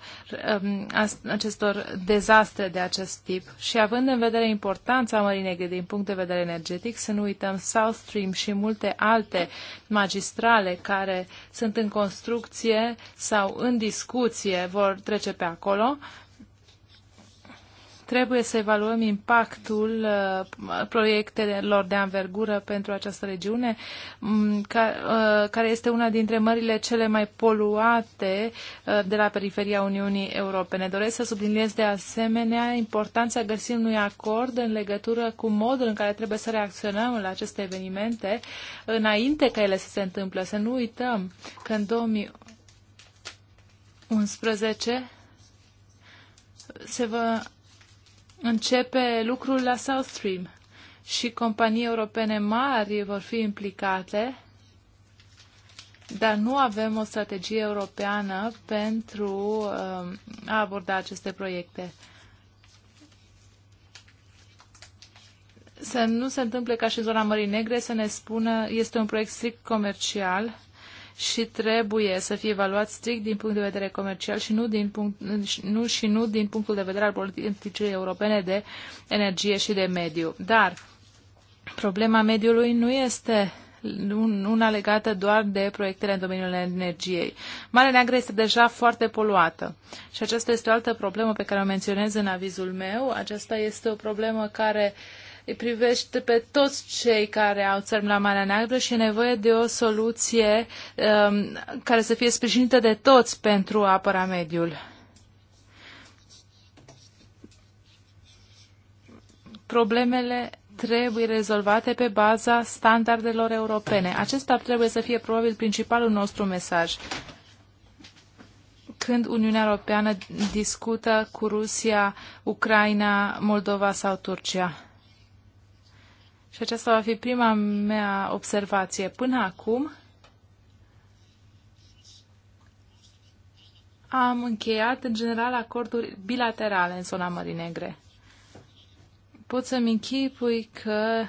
um, acestor dezastre de acest tip. Și având în vedere importanța Mării Negre din punct de vedere energetic, să nu uităm South Stream și multe alte magistrale care sunt în construcție sau în discuție vor trece pe acolo, Trebuie să evaluăm impactul uh, proiectelor de anvergură pentru această regiune, mm, uh, care este una dintre mările cele mai poluate uh, de la periferia Uniunii Europene. Doresc să subliniez de asemenea importanța găsirii unui acord în legătură cu modul în care trebuie să reacționăm la aceste evenimente înainte ca ele să se întâmple. Să nu uităm că în 2011 se va începe lucrul la South Stream și companii europene mari vor fi implicate, dar nu avem o strategie europeană pentru um, a aborda aceste proiecte. Să nu se întâmple ca și zona Mării Negre să ne spună este un proiect strict comercial și trebuie să fie evaluat strict din punct de vedere comercial și nu, din punct, nu și nu din punctul de vedere al politicii europene de energie și de mediu. Dar problema mediului nu este una legată doar de proiectele în domeniul energiei. Marea Neagră este deja foarte poluată și aceasta este o altă problemă pe care o menționez în avizul meu. Aceasta este o problemă care uh, îi privește pe toți cei care au țărm la Marea Neagră și e nevoie de o soluție um, care să fie sprijinită de toți pentru a apăra mediul. Problemele trebuie rezolvate pe baza standardelor europene. Acesta trebuie să fie probabil principalul nostru mesaj când Uniunea Europeană discută cu Rusia, Ucraina, Moldova sau Turcia. Și aceasta va fi prima mea observație. Până acum am încheiat în general acorduri bilaterale în zona Mării Negre. Pot să-mi închipui că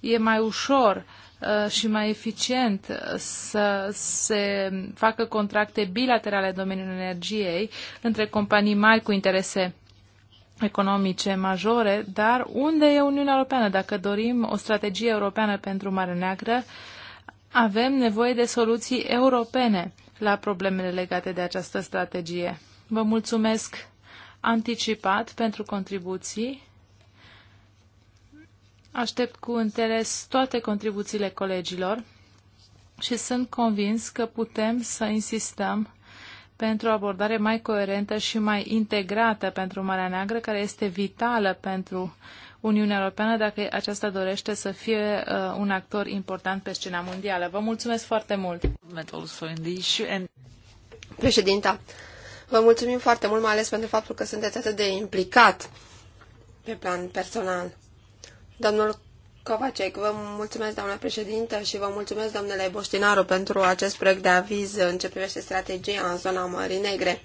e mai ușor uh, și mai eficient uh, să se facă contracte bilaterale în domeniul energiei între companii mari cu interese economice majore, dar unde e Uniunea Europeană? Dacă dorim o strategie europeană pentru Marea Neagră, avem nevoie de soluții europene la problemele legate de această strategie. Vă mulțumesc anticipat pentru contribuții. Aștept cu interes toate contribuțiile colegilor și sunt convins că putem să insistăm pentru o abordare mai coerentă și mai integrată pentru Marea Neagră, care este vitală pentru Uniunea Europeană dacă aceasta dorește să fie uh, un actor important pe scena mondială. Vă mulțumesc foarte mult! Președinta, vă mulțumim foarte mult, mai ales pentru faptul că sunteți atât de implicat pe plan personal. Domnul Covacec, vă mulțumesc, doamna președintă, și vă mulțumesc, domnule Boștinaru, pentru acest proiect de aviz în ce privește strategia în zona Mării Negre.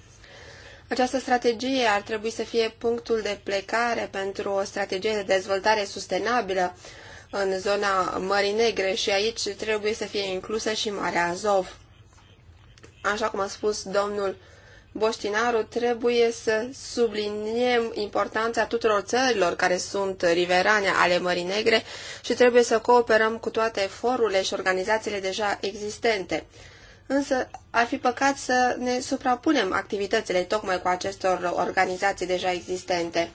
Această strategie ar trebui să fie punctul de plecare pentru o strategie de dezvoltare sustenabilă în zona Mării Negre și aici trebuie să fie inclusă și Marea Azov. Așa cum a spus domnul Boștinaru, trebuie să subliniem importanța tuturor țărilor care sunt riverane ale Mării Negre și trebuie să cooperăm cu toate forurile și organizațiile deja existente. Însă ar fi păcat să ne suprapunem activitățile tocmai cu acestor organizații deja existente,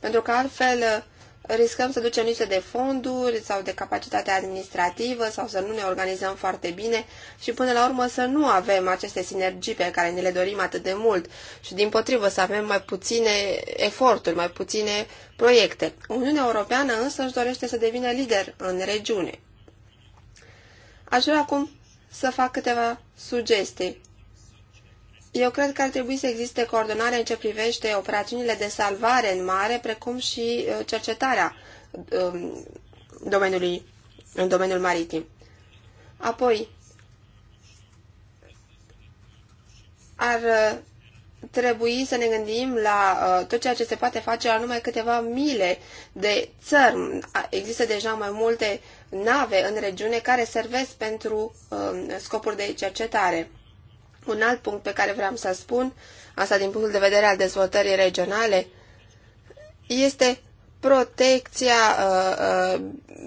pentru că altfel riscăm să ducem lipsă de fonduri sau de capacitate administrativă sau să nu ne organizăm foarte bine și până la urmă să nu avem aceste sinergii pe care ne le dorim atât de mult și din potrivă să avem mai puține eforturi, mai puține proiecte. Uniunea Europeană însă își dorește să devină lider în regiune. Aș vrea acum să fac câteva sugestii eu cred că ar trebui să existe coordonare în ce privește operațiunile de salvare în mare, precum și uh, cercetarea um, domeniului, în domeniul maritim. Apoi, ar uh, trebui să ne gândim la uh, tot ceea ce se poate face la numai câteva mile de țări. Există deja mai multe nave în regiune care servesc pentru um, scopuri de cercetare. Un alt punct pe care vreau să spun, asta din punctul de vedere al dezvoltării regionale, este protecția uh, uh,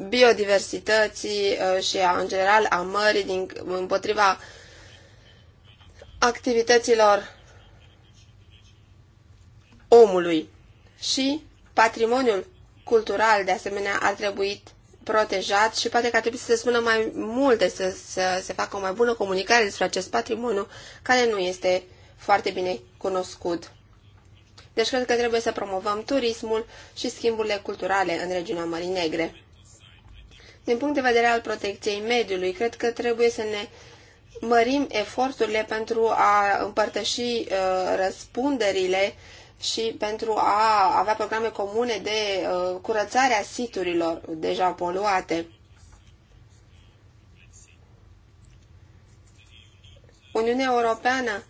biodiversității uh, și a, în general a mării din, împotriva activităților omului și patrimoniul cultural de asemenea ar trebui protejat și poate că ar trebui să se spună mai multe, să, să se facă o mai bună comunicare despre acest patrimoniu care nu este foarte bine cunoscut. Deci cred că trebuie să promovăm turismul și schimburile culturale în regiunea Mării Negre. Din punct de vedere al protecției mediului, cred că trebuie să ne mărim eforturile pentru a împărtăși uh, răspunderile și pentru a avea programe comune de uh, curățare a siturilor deja poluate. Uniunea Europeană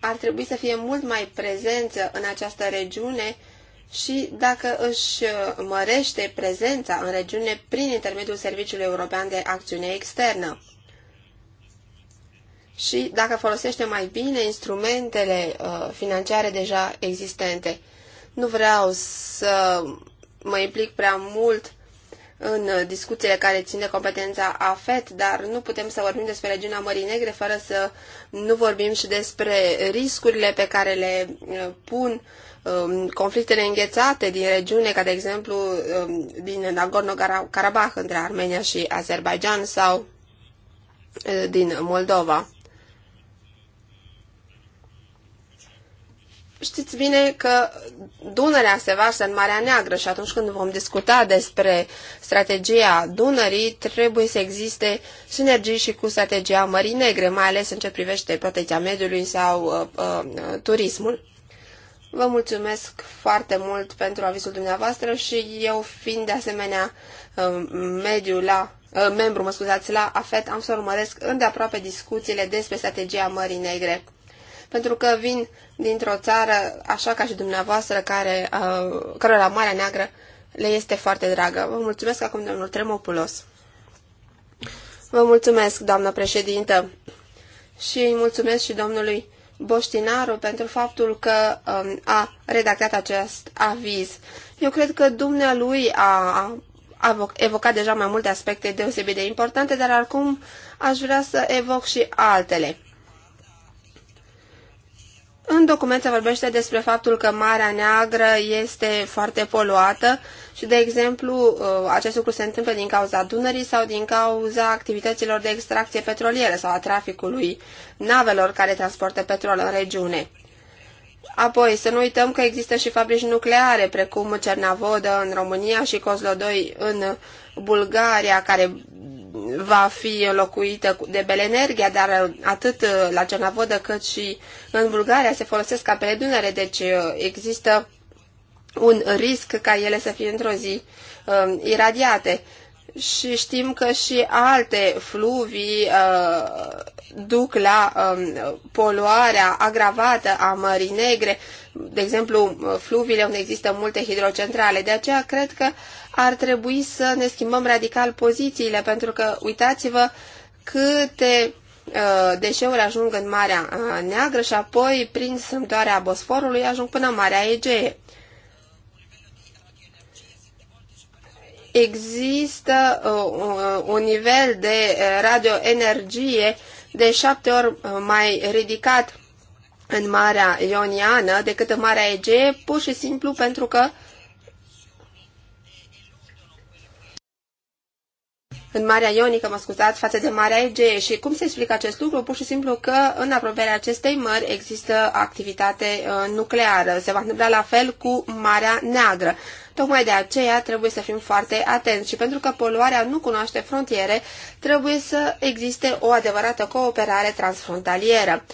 ar trebui să fie mult mai prezență în această regiune și dacă își uh, mărește prezența în regiune prin intermediul Serviciului European de Acțiune Externă și dacă folosește mai bine instrumentele uh, financiare deja existente. Nu vreau să mă implic prea mult în uh, discuțiile care țin de competența AFET, dar nu putem să vorbim despre regiunea Mării Negre fără să nu vorbim și despre riscurile pe care le uh, pun um, conflictele înghețate din regiune, ca de exemplu um, din Nagorno-Karabakh între Armenia și Azerbaijan sau din Moldova. Știți bine că Dunărea se varsă în Marea Neagră și atunci când vom discuta despre strategia Dunării, trebuie să existe sinergii și cu strategia Mării Negre, mai ales în ce privește protecția mediului sau uh, uh, turismul. Vă mulțumesc foarte mult pentru avizul dumneavoastră și eu fiind de asemenea uh, mediu la uh, membru, mă scuzați, la AFET, am să urmăresc îndeaproape discuțiile despre strategia Mării Negre pentru că vin dintr-o țară, așa ca și dumneavoastră, care, uh, la Marea Neagră le este foarte dragă. Vă mulțumesc acum, domnul Tremopulos. Vă mulțumesc, doamnă președintă, și mulțumesc și domnului Boștinaru pentru faptul că um, a redactat acest aviz. Eu cred că dumnealui a, a evocat deja mai multe aspecte deosebit de importante, dar acum aș vrea să evoc și altele. În document se vorbește despre faptul că Marea Neagră este foarte poluată și, de exemplu, uh, acest lucru se întâmplă din cauza Dunării sau din cauza activităților de extracție petrolieră sau a traficului navelor care transportă petrol în regiune. Apoi, să nu uităm că există și fabrici nucleare, precum Cernavodă în România și Kozlodoi în Bulgaria, care va fi înlocuită de Belenergia, dar uh, atât uh, la Cernavodă cât și în Bulgaria se folosesc apele Dunăre, deci uh, există un risc ca ele să fie într-o zi uh, iradiate. Și știm că și alte fluvii uh, duc la uh, poluarea agravată a Mării Negre, de exemplu, fluviile unde există multe hidrocentrale. De aceea cred că ar trebui să ne schimbăm radical pozițiile, pentru că uitați-vă câte uh, deșeuri ajung în Marea uh, Neagră și apoi, prin strâmtoarea Bosforului, ajung până în Marea Egee. Există uh, un nivel de radioenergie de șapte ori mai ridicat în Marea Ioniană decât în Marea Egee, pur și simplu pentru că uh, în Marea Ionică, mă scuzați, față de Marea Egee. Și cum se explică acest lucru? Pur și simplu că în apropierea acestei mări există activitate uh, nucleară. Se va întâmpla la fel cu Marea Neagră. Tocmai de aceea trebuie să fim foarte atenți și pentru că poluarea nu cunoaște frontiere, trebuie să existe o adevărată cooperare transfrontalieră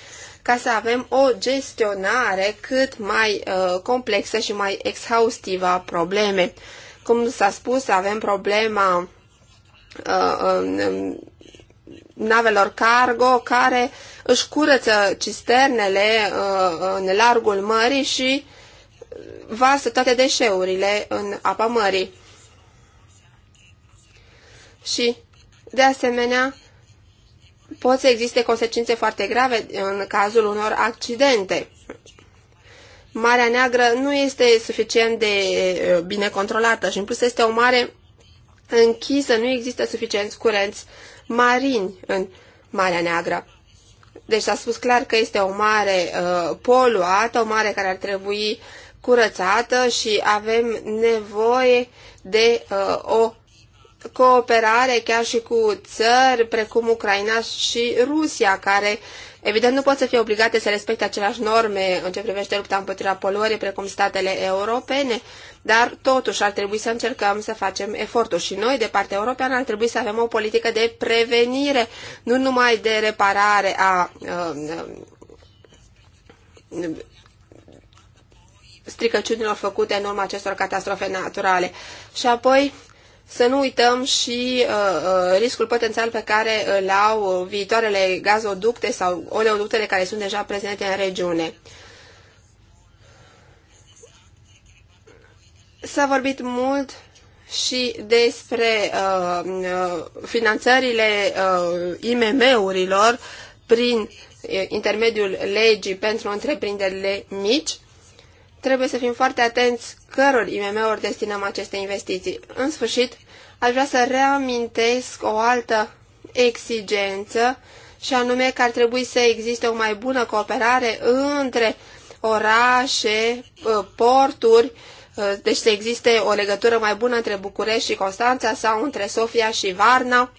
ca să avem o gestionare cât mai uh, complexă și mai exhaustivă a problemei. Cum s-a spus, avem problema Uh, um, navelor cargo care își curăță cisternele uh, în largul mării și varsă toate deșeurile în apa mării. Și, de asemenea, pot să existe consecințe foarte grave în cazul unor accidente. Marea Neagră nu este suficient de uh, bine controlată și, în plus, este o mare închisă, nu există suficienți curenți marini în Marea Neagră. Deci s-a spus clar că este o mare uh, poluată, o mare care ar trebui curățată și avem nevoie de uh, o cooperare chiar și cu țări precum Ucraina și Rusia, care evident nu pot să fie obligate să respecte aceleași norme în ce privește lupta împotriva poluării precum statele europene, dar totuși ar trebui să încercăm să facem eforturi și noi, de partea europeană, ar trebui să avem o politică de prevenire, nu numai de reparare a uh, uh, stricăciunilor făcute în urma acestor catastrofe naturale. Și apoi, să nu uităm și uh, uh riscul potențial pe care îl au viitoarele gazoducte sau oleoductele care sunt deja prezente în regiune. S-a vorbit mult și despre uh, finanțările uh, IMM-urilor prin uh, intermediul legii pentru întreprinderile mici. Trebuie să fim foarte atenți căror IMM-uri destinăm aceste investiții. În sfârșit, aș vrea să reamintesc o altă exigență și anume că ar trebui să existe o mai bună cooperare între orașe, uh, porturi, Uh, deci să existe o legătură mai bună între București și Constanța sau între Sofia și Varna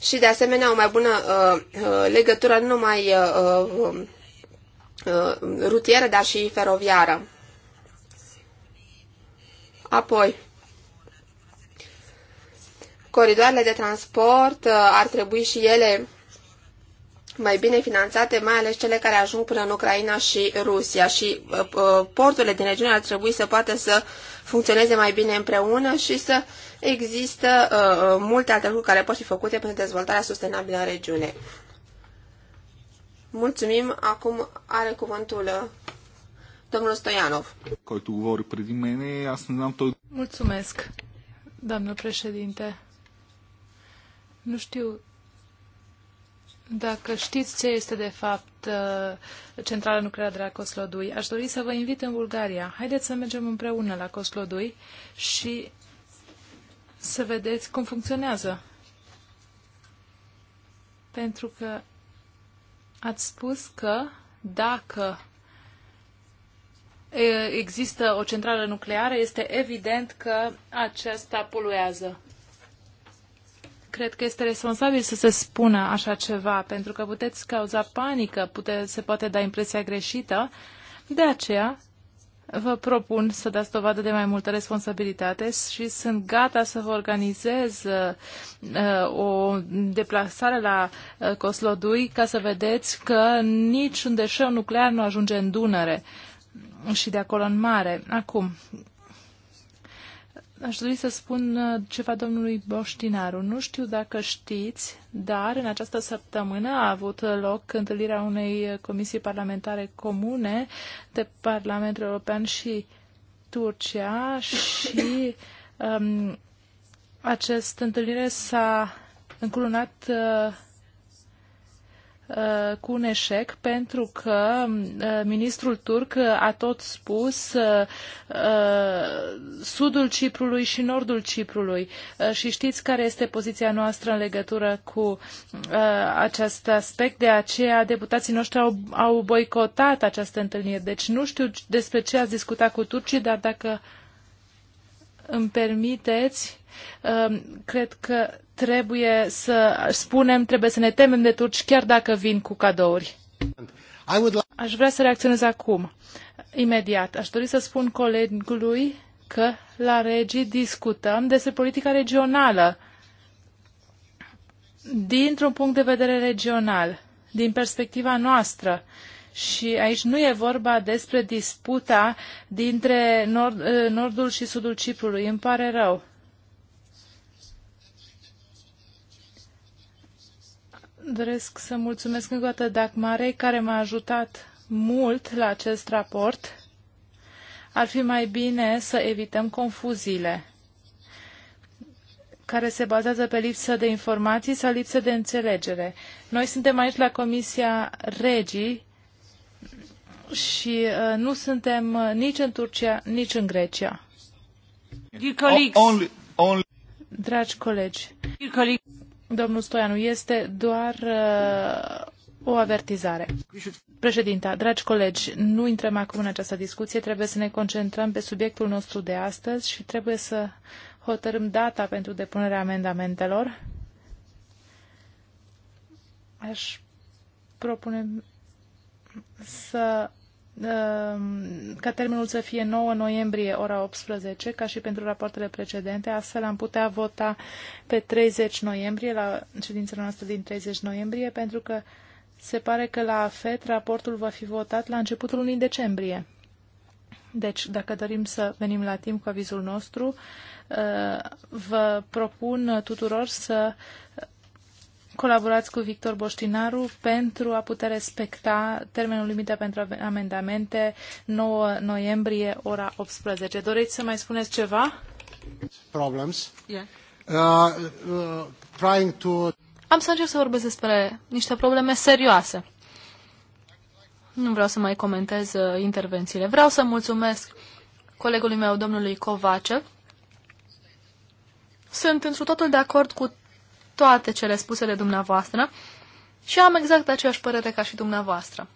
și de asemenea o mai bună uh, uh legătură nu numai uh, uh, uh, rutieră, dar și feroviară. Apoi, coridoarele de transport ar trebui și ele mai bine finanțate, mai ales cele care ajung până în Ucraina și Rusia și uh, uh, porturile din regiune ar trebui să poată să funcționeze mai bine împreună și să există uh, uh multe alte lucruri care pot fi făcute pentru dezvoltarea sustenabilă a regiunei. Mulțumim. Acum are cuvântul uh, domnul Stoianov. Mulțumesc, doamnă președinte. Nu știu dacă știți ce este de fapt uh, centrala nucleară de la Coslodui, aș dori să vă invit în Bulgaria. Haideți să mergem împreună la Coslodui și să vedeți cum funcționează. Pentru că ați spus că dacă uh, există o centrală nucleară, este evident că aceasta poluează cred că este responsabil să se spună așa ceva, pentru că puteți cauza panică, pute, se poate da impresia greșită. De aceea, vă propun să dați dovadă de mai multă responsabilitate și sunt gata să vă organizez uh, o deplasare la uh, Coslodui ca să vedeți că niciun deșeu nuclear nu ajunge în Dunăre și de acolo în mare. Acum, aș dori să spun uh, ceva domnului Boștinaru. Nu știu dacă știți, dar în această săptămână a avut loc întâlnirea unei comisii parlamentare comune de Parlamentul European și Turcia și um, această întâlnire s-a înclunat uh, Uh, cu un eșec pentru că uh, ministrul turc a tot spus uh, sudul Ciprului și nordul Ciprului și știți care este poziția noastră în legătură cu acest aspect, de aceea deputații noștri au, au boicotat această întâlnire. Deci nu știu despre ce ați discutat cu turcii, dar dacă îmi permiteți, cred că trebuie să spunem, trebuie să ne temem de turci chiar dacă vin cu cadouri. Aș vrea să reacționez acum, imediat. Aș dori să spun colegului că la regii discutăm despre politica regională dintr-un punct de vedere regional, din perspectiva noastră. Și aici nu e vorba despre disputa dintre nord, eh, nordul și sudul Ciprului. Îmi pare rău. Doresc să mulțumesc încă o dată Dagmarei, care m-a ajutat mult la acest raport. Ar fi mai bine să evităm confuziile care se bazează pe lipsă de informații sau lipsă de înțelegere. Noi suntem aici la Comisia Regii și uh, nu suntem uh, nici în Turcia, nici în Grecia. Dragi colegi, domnul Stoianu, este doar uh, o avertizare. Președinte, dragi colegi, nu intrăm acum în această discuție, trebuie să ne concentrăm pe subiectul nostru de astăzi și trebuie să hotărâm data pentru depunerea amendamentelor. Aș propune să Ehm, ca termenul să fie 9 noiembrie, ora 18, ca și pentru rapoartele precedente. Astfel am putea vota pe 30 noiembrie, la ședința noastră din 30 noiembrie, pentru că se pare că la AFET raportul va fi votat la începutul lunii decembrie. Deci, dacă dorim să venim la timp cu avizul nostru, ehm, vă propun tuturor să colaborați cu Victor Boștinaru pentru a putea respecta termenul limită pentru amendamente 9 noiembrie, ora 18. Doriți să mai spuneți ceva? Problems. Yeah. Uh, uh, trying to... Am să încerc să vorbesc despre niște probleme serioase. Nu vreau să mai comentez uh, intervențiile. Vreau să mulțumesc colegului meu, domnului Covace. Sunt într totul de acord cu toate cele spuse de dumneavoastră și am exact aceeași părere ca și dumneavoastră.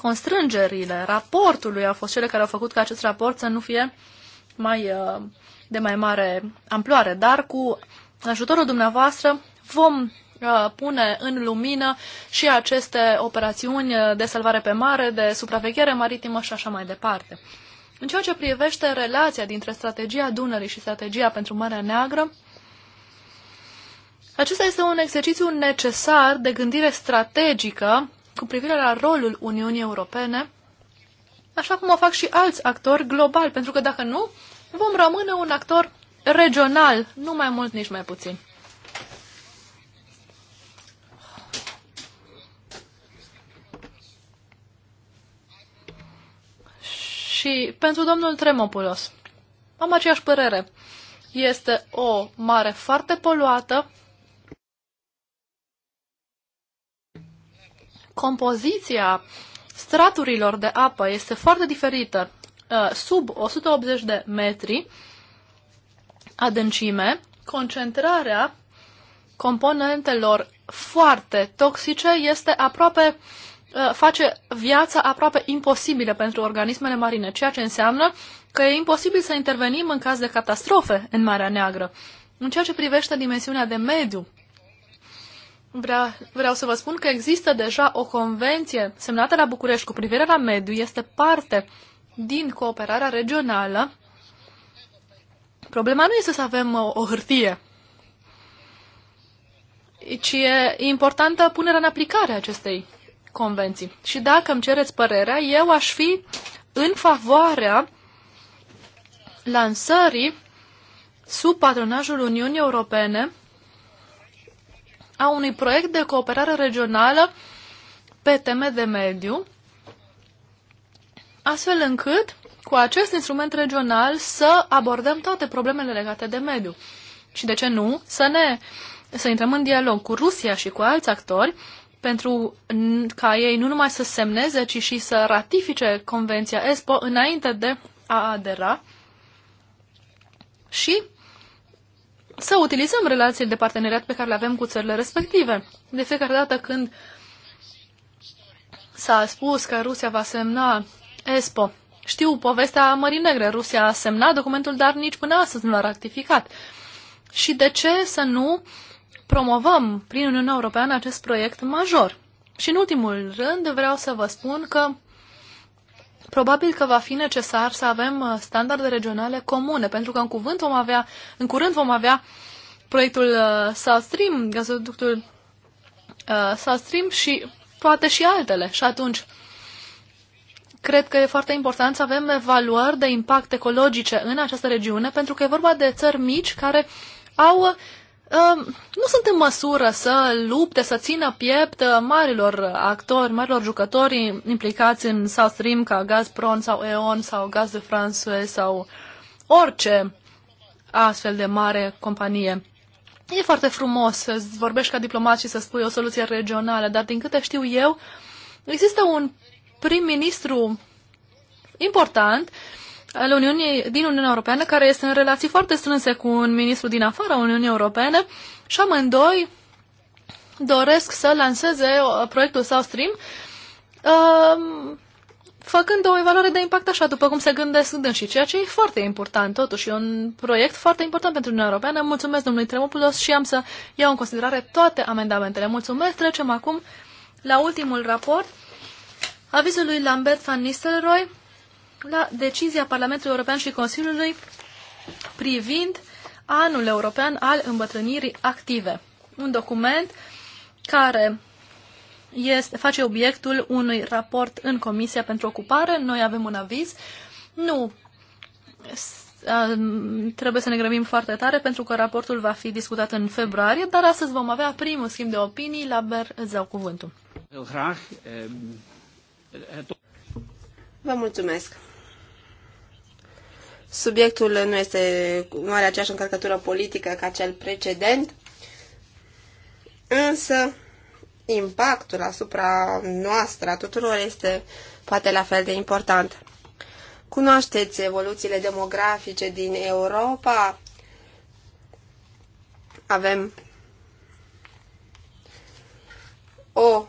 Constrângerile raportului au fost cele care au făcut ca acest raport să nu fie mai, uh, de mai mare amploare, dar cu ajutorul dumneavoastră vom uh, pune în lumină și aceste operațiuni de salvare pe mare, de supraveghere maritimă și așa mai departe. În ceea ce privește relația dintre strategia Dunării și strategia pentru Marea Neagră, acesta este un exercițiu necesar de gândire strategică cu privire la rolul Uniunii Europene, așa cum o fac și alți actori globali, pentru că dacă nu, vom rămâne un actor regional, nu mai mult, nici mai puțin. Și pentru domnul Tremopulos, am aceeași părere. Este o mare foarte poluată, compoziția straturilor de apă este foarte diferită. Uh, sub 180 de metri adâncime, concentrarea componentelor foarte toxice este aproape uh, face viața aproape imposibilă pentru organismele marine, ceea ce înseamnă că e imposibil să intervenim în caz de catastrofe în Marea Neagră. În ceea ce privește dimensiunea de mediu Vrea, vreau să vă spun că există deja o convenție semnată la București cu privire la mediu, este parte din cooperarea regională. Problema nu este să avem o, uh, o hârtie, ci e importantă punerea în aplicare a acestei convenții. Și dacă îmi cereți părerea, eu aș fi în favoarea lansării sub patronajul Uniunii Europene a unui proiect de cooperare regională pe teme de mediu, astfel încât cu acest instrument regional să abordăm toate problemele legate de mediu. Și de ce nu? Să ne să intrăm în dialog cu Rusia și cu alți actori pentru ca ei nu numai să semneze, ci și să ratifice Convenția ESPO înainte de a adera și să utilizăm relațiile de parteneriat pe care le avem cu țările respective. De fiecare dată când s-a spus că Rusia va semna ESPO, știu povestea Mării Negre. Rusia a semnat documentul, dar nici până astăzi nu l-a ratificat. Și de ce să nu promovăm prin Uniunea Europeană acest proiect major? Și în ultimul rând vreau să vă spun că Probabil că va fi necesar să avem uh, standarde regionale comune, pentru că în, cuvânt vom avea, în curând vom avea proiectul uh, South Stream, gazoductul uh, South Stream și poate și altele. Și atunci, cred că e foarte important să avem evaluări de impact ecologice în această regiune, pentru că e vorba de țări mici care au nu sunt în măsură să lupte, să țină piept uh, marilor actori, marilor jucători implicați în South Stream ca Gazprom sau E.ON sau Gaz de France sau orice astfel de mare companie. E foarte frumos să vorbești ca diplomat și să spui o soluție regională, dar din câte știu eu, există un prim-ministru important al Uniunii, din Uniunea Europeană, care este în relații foarte strânse cu un ministru din afara Uniunii Europene și amândoi doresc să lanseze uh, proiectul South Stream uh, făcând o evaluare de impact așa, după cum se gândesc dânsii, ceea ce e foarte important, totuși, e un proiect foarte important pentru Uniunea Europeană. Mulțumesc domnului Tremopulos și am să iau în considerare toate amendamentele. Mulțumesc, trecem acum la ultimul raport, avizul lui Lambert van Nistelrooy, la decizia Parlamentului European și Consiliului privind Anul European al Îmbătrânirii Active. Un document care este, face obiectul unui raport în Comisia pentru Ocupare. Noi avem un aviz. Nu um, trebuie să ne grăbim foarte tare pentru că raportul va fi discutat în februarie, dar astăzi vom avea primul schimb de opinii. La Ber îți dau cuvântul. Ehm, Vă mulțumesc. Subiectul nu, este, nu are aceeași încărcătură politică ca cel precedent, însă impactul asupra noastră, a tuturor, este poate la fel de important. Cunoașteți evoluțiile demografice din Europa? Avem o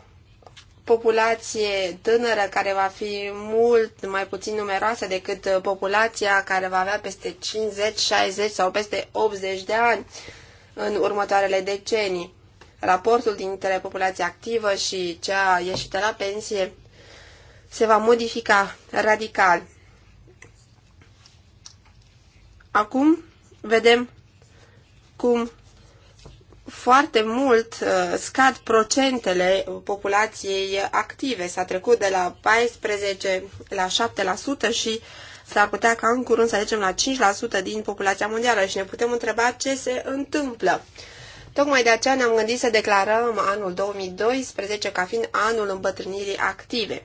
populație tânără care va fi mult mai puțin numeroasă decât populația care va avea peste 50, 60 sau peste 80 de ani în următoarele decenii. Raportul dintre populația activă și cea ieșită la pensie se va modifica radical. Acum vedem cum foarte mult uh, scad procentele populației active. S-a trecut de la 14 la 7% și s-ar putea ca în curând să ajungem la 5% din populația mondială și ne putem întreba ce se întâmplă. Tocmai de aceea ne-am gândit să declarăm anul 2012 ca fiind anul îmbătrânirii active.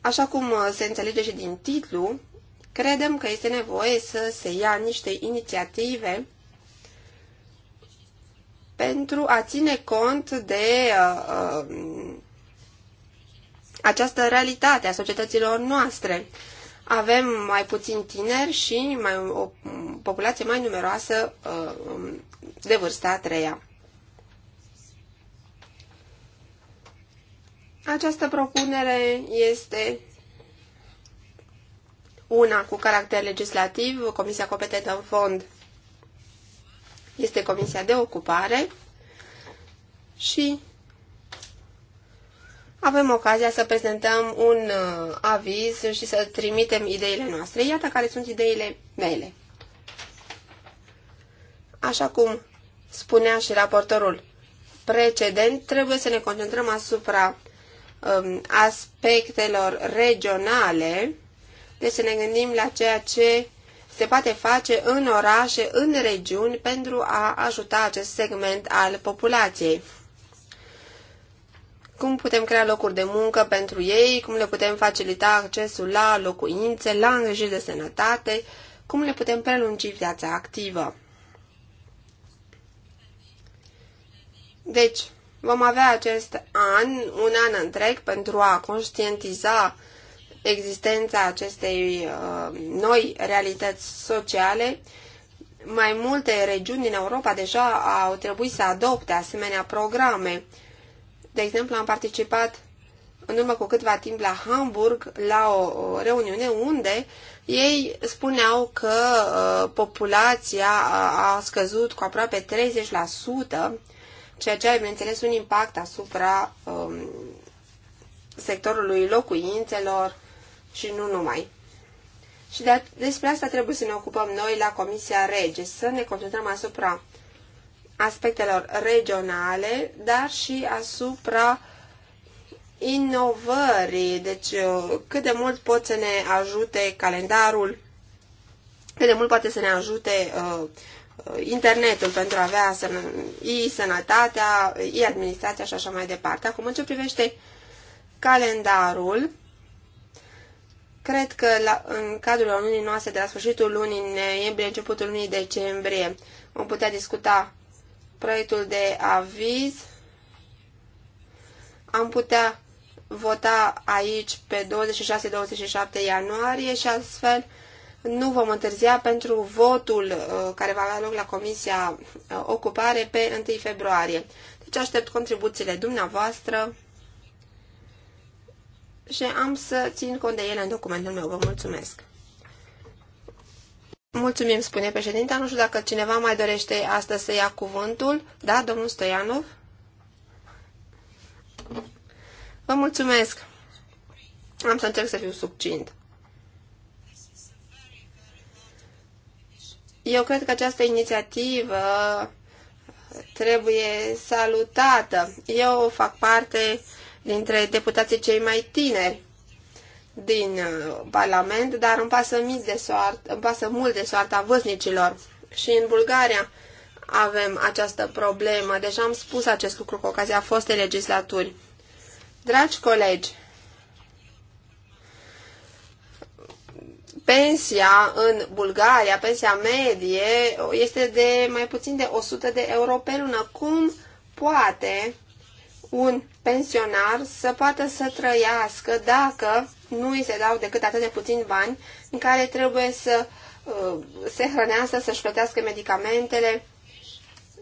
Așa cum uh, se înțelege și din titlu, credem că este nevoie să se ia niște inițiative pentru a ține cont de uh, uh, această realitate a societăților noastre. Avem mai puțin tineri și mai, o populație mai numeroasă uh, de vârsta a treia. Această propunere este una cu caracter legislativ, Comisia competentă în fond este Comisia de Ocupare și avem ocazia să prezentăm un uh, aviz și să trimitem ideile noastre. Iată care sunt ideile mele. Așa cum spunea și raportorul precedent, trebuie să ne concentrăm asupra um, aspectelor regionale, deci să ne gândim la ceea ce se poate face în orașe, în regiuni, pentru a ajuta acest segment al populației. Cum putem crea locuri de muncă pentru ei, cum le putem facilita accesul la locuințe, la îngrijiri de sănătate, cum le putem prelungi viața activă. Deci, vom avea acest an, un an întreg, pentru a conștientiza existența acestei uh, noi realități sociale, mai multe regiuni din Europa deja au trebuit să adopte asemenea programe. De exemplu, am participat în urmă cu câtva timp la Hamburg la o, reuniune unde ei spuneau că uh, populația a scăzut cu aproape 30%, ceea ce a bineînțeles, un impact asupra um, sectorului locuințelor, și nu numai. Și de despre asta trebuie să ne ocupăm noi la Comisia Rege, să ne concentrăm asupra aspectelor regionale, dar și asupra inovării, deci uh, cât de mult pot să ne ajute calendarul, cât de mult poate să ne ajute uh, uh internetul pentru a avea e-sănătatea, e-administrația și așa mai departe. Acum, în ce privește calendarul, Cred că la, în cadrul lunii noastre de la sfârșitul lunii noiembrie, începutul lunii decembrie, vom putea discuta proiectul de aviz. Am putea vota aici pe 26-27 ianuarie și astfel nu vom întârzia pentru votul uh, care va avea loc la Comisia uh, Ocupare pe 1 februarie. Deci aștept contribuțiile dumneavoastră și am să țin cont de ele în documentul meu. Vă mulțumesc! Mulțumim, spune președinta. Nu știu dacă cineva mai dorește astăzi să ia cuvântul. Da, domnul Stoianov? Vă mulțumesc! Am să încerc să fiu subcint. Eu cred că această inițiativă trebuie salutată. Eu fac parte dintre deputații cei mai tineri din uh, Parlament, dar îmi pasă, mic de soart, îmi pasă mult de soarta văznicilor. Și în Bulgaria avem această problemă. Deja am spus acest lucru cu ocazia fostei legislaturi. Dragi colegi, pensia în Bulgaria, pensia medie, este de mai puțin de 100 de euro pe lună. Cum poate un pensionar să poată să trăiască dacă nu îi se dau decât atât de puțini bani în care trebuie să uh, se hrănească, să-și plătească medicamentele.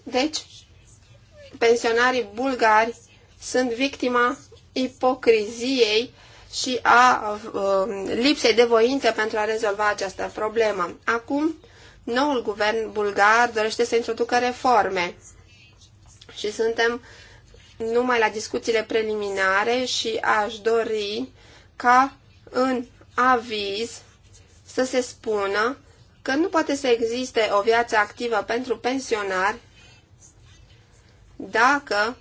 Deci, pensionarii bulgari sunt victima ipocriziei și a uh, lipsei de voință pentru a rezolva această problemă. Acum, noul guvern bulgar dorește să introducă reforme și suntem numai la discuțiile preliminare și aș dori ca în aviz să se spună că nu poate să existe o viață activă pentru pensionari dacă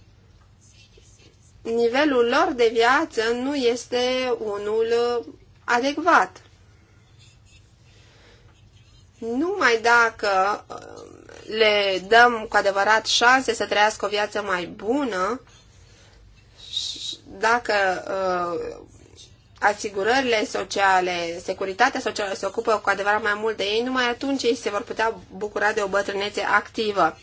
nivelul lor de viață nu este unul adecvat. Numai dacă le dăm cu adevărat șanse să trăiască o viață mai bună, dacă uh, asigurările sociale, securitatea socială se ocupă cu adevărat mai mult de ei, numai atunci ei se vor putea bucura de o bătrânețe activă.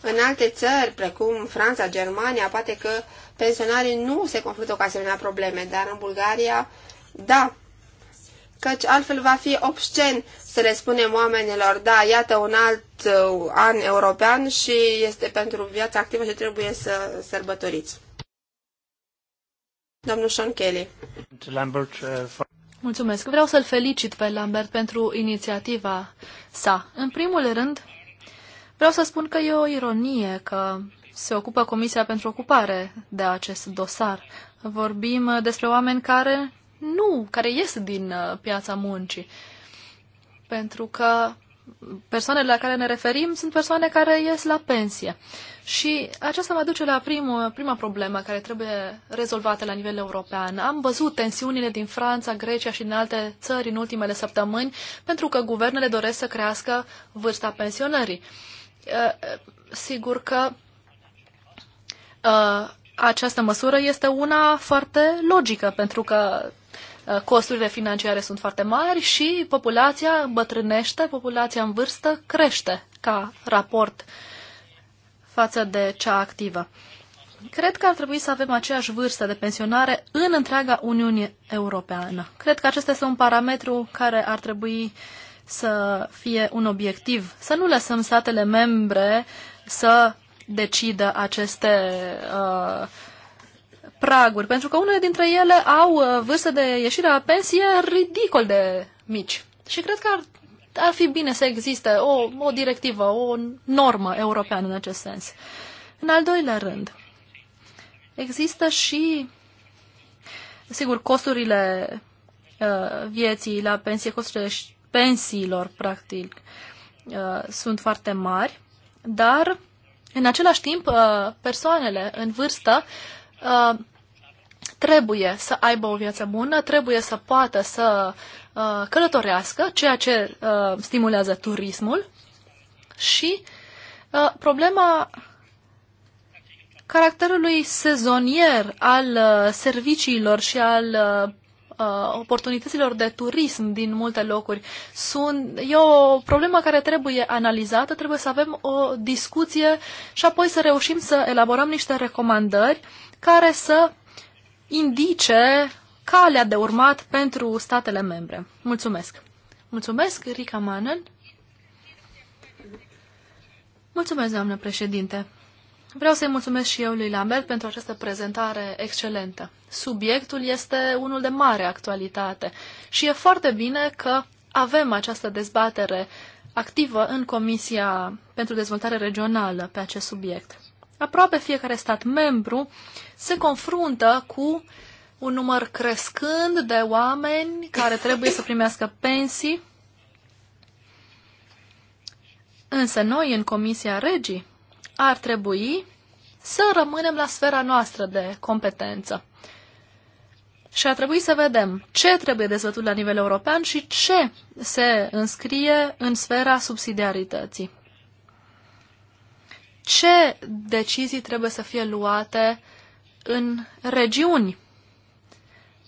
În alte țări, precum Franța, Germania, poate că pensionarii nu se confruntă cu asemenea probleme, dar în Bulgaria, da, căci altfel va fi obscen să le spunem oamenilor, da, iată un alt uh, an european și este pentru viața activă și trebuie să sărbătoriți. Domnul Sean Kelly. Lambert, uh, for... Mulțumesc. Vreau să-l felicit pe Lambert pentru inițiativa sa. În primul rând, vreau să spun că e o ironie că se ocupă Comisia pentru Ocupare de acest dosar. Vorbim despre oameni care nu, care ies din uh, piața muncii. Uh, pentru că persoanele la care ne referim sunt persoane care ies la pensie. Și aceasta mă duce la primul, prima problemă care trebuie rezolvată la nivel european. Am văzut tensiunile din Franța, Grecia și din alte țări în ultimele săptămâni pentru că guvernele doresc să crească vârsta pensionării. Eh, eh, sigur că eh, această măsură este una foarte logică, pentru că Uh, costurile financiare sunt foarte mari și populația îmbătrânește, populația în vârstă crește ca raport față de cea activă. Cred că ar trebui să avem aceeași vârstă de pensionare în întreaga Uniune Europeană. Cred că acesta este un parametru care ar trebui să fie un obiectiv. Să nu lăsăm statele membre să decidă aceste uh, praguri, pentru că unele dintre ele au uh, vârste de ieșire a pensie ridicol de mici. Și cred că ar, ar fi bine să existe o, o directivă, o normă europeană în acest sens. În al doilea rând, există și, sigur, costurile uh, vieții la pensie, costurile pensiilor, practic, uh, sunt foarte mari, dar, în același timp, uh, persoanele în vârstă uh, trebuie să aibă o viață bună, trebuie să poată să uh, călătorească, ceea ce uh, stimulează turismul și uh, problema caracterului sezonier al uh, serviciilor și al uh, uh, oportunităților de turism din multe locuri sunt, e o problemă care trebuie analizată, trebuie să avem o discuție și apoi să reușim să elaborăm niște recomandări care să indice calea de urmat pentru statele membre. Mulțumesc! Mulțumesc, Rica Manen! Mulțumesc, doamnă președinte! Vreau să-i mulțumesc și eu lui Lambert pentru această prezentare excelentă. Subiectul este unul de mare actualitate și e foarte bine că avem această dezbatere activă în Comisia pentru Dezvoltare Regională pe acest subiect aproape fiecare stat membru se confruntă cu un număr crescând de oameni care trebuie să primească pensii. Însă noi, în Comisia Regii, ar trebui să rămânem la sfera noastră de competență. Și ar trebui să vedem ce trebuie dezvătut la nivel european și ce se înscrie în sfera subsidiarității ce decizii trebuie să fie luate în regiuni.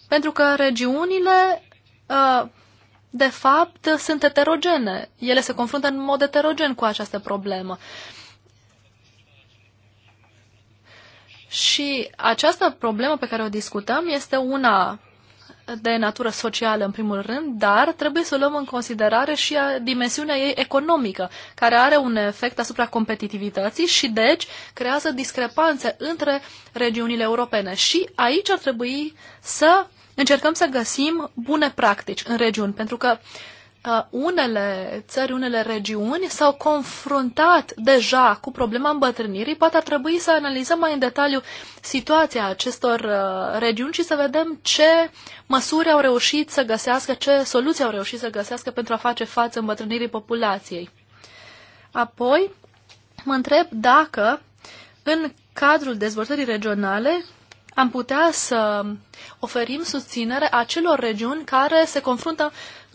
Pentru că regiunile, ă, de fapt, sunt heterogene. Ele se confruntă în mod heterogen cu această problemă. Și această problemă pe care o discutăm este una de natură socială, în primul rând, dar trebuie să luăm în considerare și a dimensiunea ei economică, care are un efect asupra competitivității și, deci, creează discrepanțe între regiunile europene. Și aici ar trebui să încercăm să găsim bune practici în regiuni, pentru că uh, Uh, unele țări, unele regiuni s-au confruntat deja cu problema îmbătrânirii, poate ar trebui să analizăm mai în detaliu situația acestor uh, regiuni și să vedem ce măsuri au reușit să găsească, ce soluții au reușit să găsească pentru a face față îmbătrânirii populației. Apoi, mă întreb dacă în cadrul dezvoltării regionale am putea să oferim susținere acelor regiuni care se confruntă uh,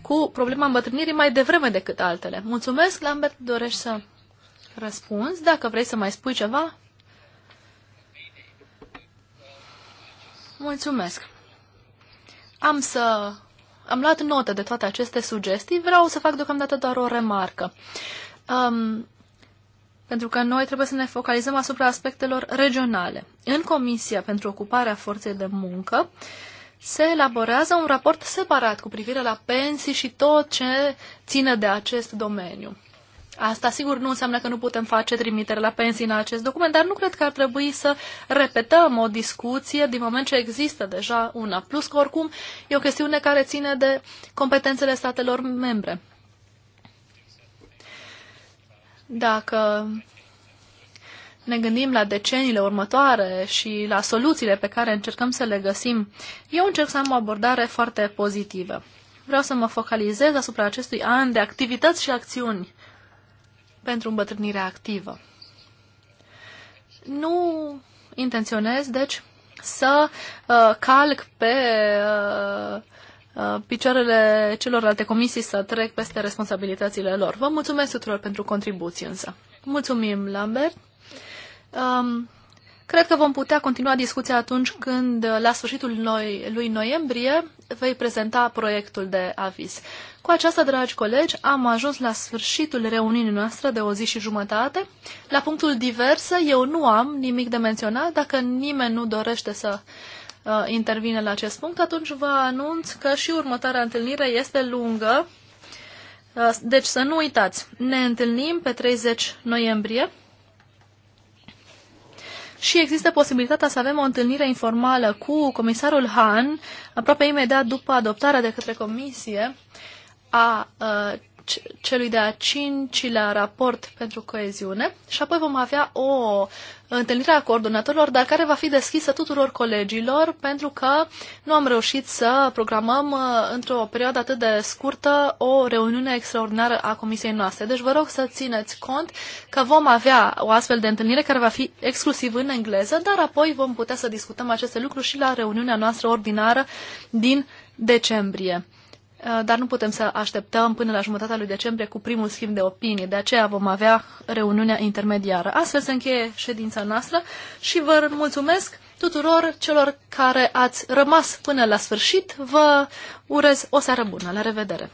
cu problema îmbătrânirii mai devreme decât altele. Mulțumesc, Lambert, dorești să răspunzi? Dacă vrei să mai spui ceva? Mulțumesc. Am să... Am luat notă de toate aceste sugestii. Vreau să fac deocamdată doar o remarcă. Um, pentru că noi trebuie să ne focalizăm asupra aspectelor regionale. În Comisia pentru Ocuparea Forței de Muncă, uh, se elaborează un raport separat cu privire la pensii și tot ce ține de acest domeniu. Asta sigur nu înseamnă că nu putem face trimitere la pensii în acest document, dar nu cred că ar trebui să repetăm o discuție din moment ce există deja una. Plus că oricum e o chestiune care ține de competențele statelor membre. Dacă ne gândim la deceniile următoare și la soluțiile pe care încercăm să le găsim, eu încerc să am o abordare foarte pozitivă. Vreau să mă focalizez asupra acestui an de activități și acțiuni pentru îmbătrânirea activă. Nu intenționez, deci, să uh, calc pe uh, uh picioarele celorlalte comisii să trec peste responsabilitățile lor. Vă mulțumesc tuturor pentru contribuții însă. Mulțumim, Lambert. Um, cred că vom putea continua discuția atunci când, uh, la sfârșitul noi, lui noiembrie, vei prezenta proiectul de aviz. Cu aceasta, dragi colegi, am ajuns la sfârșitul reuniunii noastre de o zi și jumătate. La punctul diverse, eu nu am nimic de menționat. Dacă nimeni nu dorește să uh, intervine la acest punct, atunci vă anunț că și următoarea întâlnire este lungă. Uh, deci să nu uitați, ne întâlnim pe 30 noiembrie și există posibilitatea să avem o întâlnire informală cu comisarul Han, aproape imediat după adoptarea de către comisie a uh, celui de-a cincilea raport pentru coeziune și apoi vom avea o întâlnire a coordonatorilor, dar care va fi deschisă tuturor colegilor pentru că nu am reușit să programăm uh, într-o perioadă atât de scurtă o reuniune extraordinară a comisiei noastre. Deci vă rog să țineți cont că vom avea o astfel de întâlnire care va fi exclusiv în engleză, dar apoi vom putea să discutăm aceste lucruri și la reuniunea noastră ordinară din decembrie. Eh, dar nu putem să așteptăm până la jumătatea lui decembrie cu primul schimb de opinie. De aceea vom avea reuniunea intermediară. Astfel se încheie ședința noastră și vă mulțumesc tuturor celor care ați rămas până la sfârșit. Vă urez o seară bună. La revedere!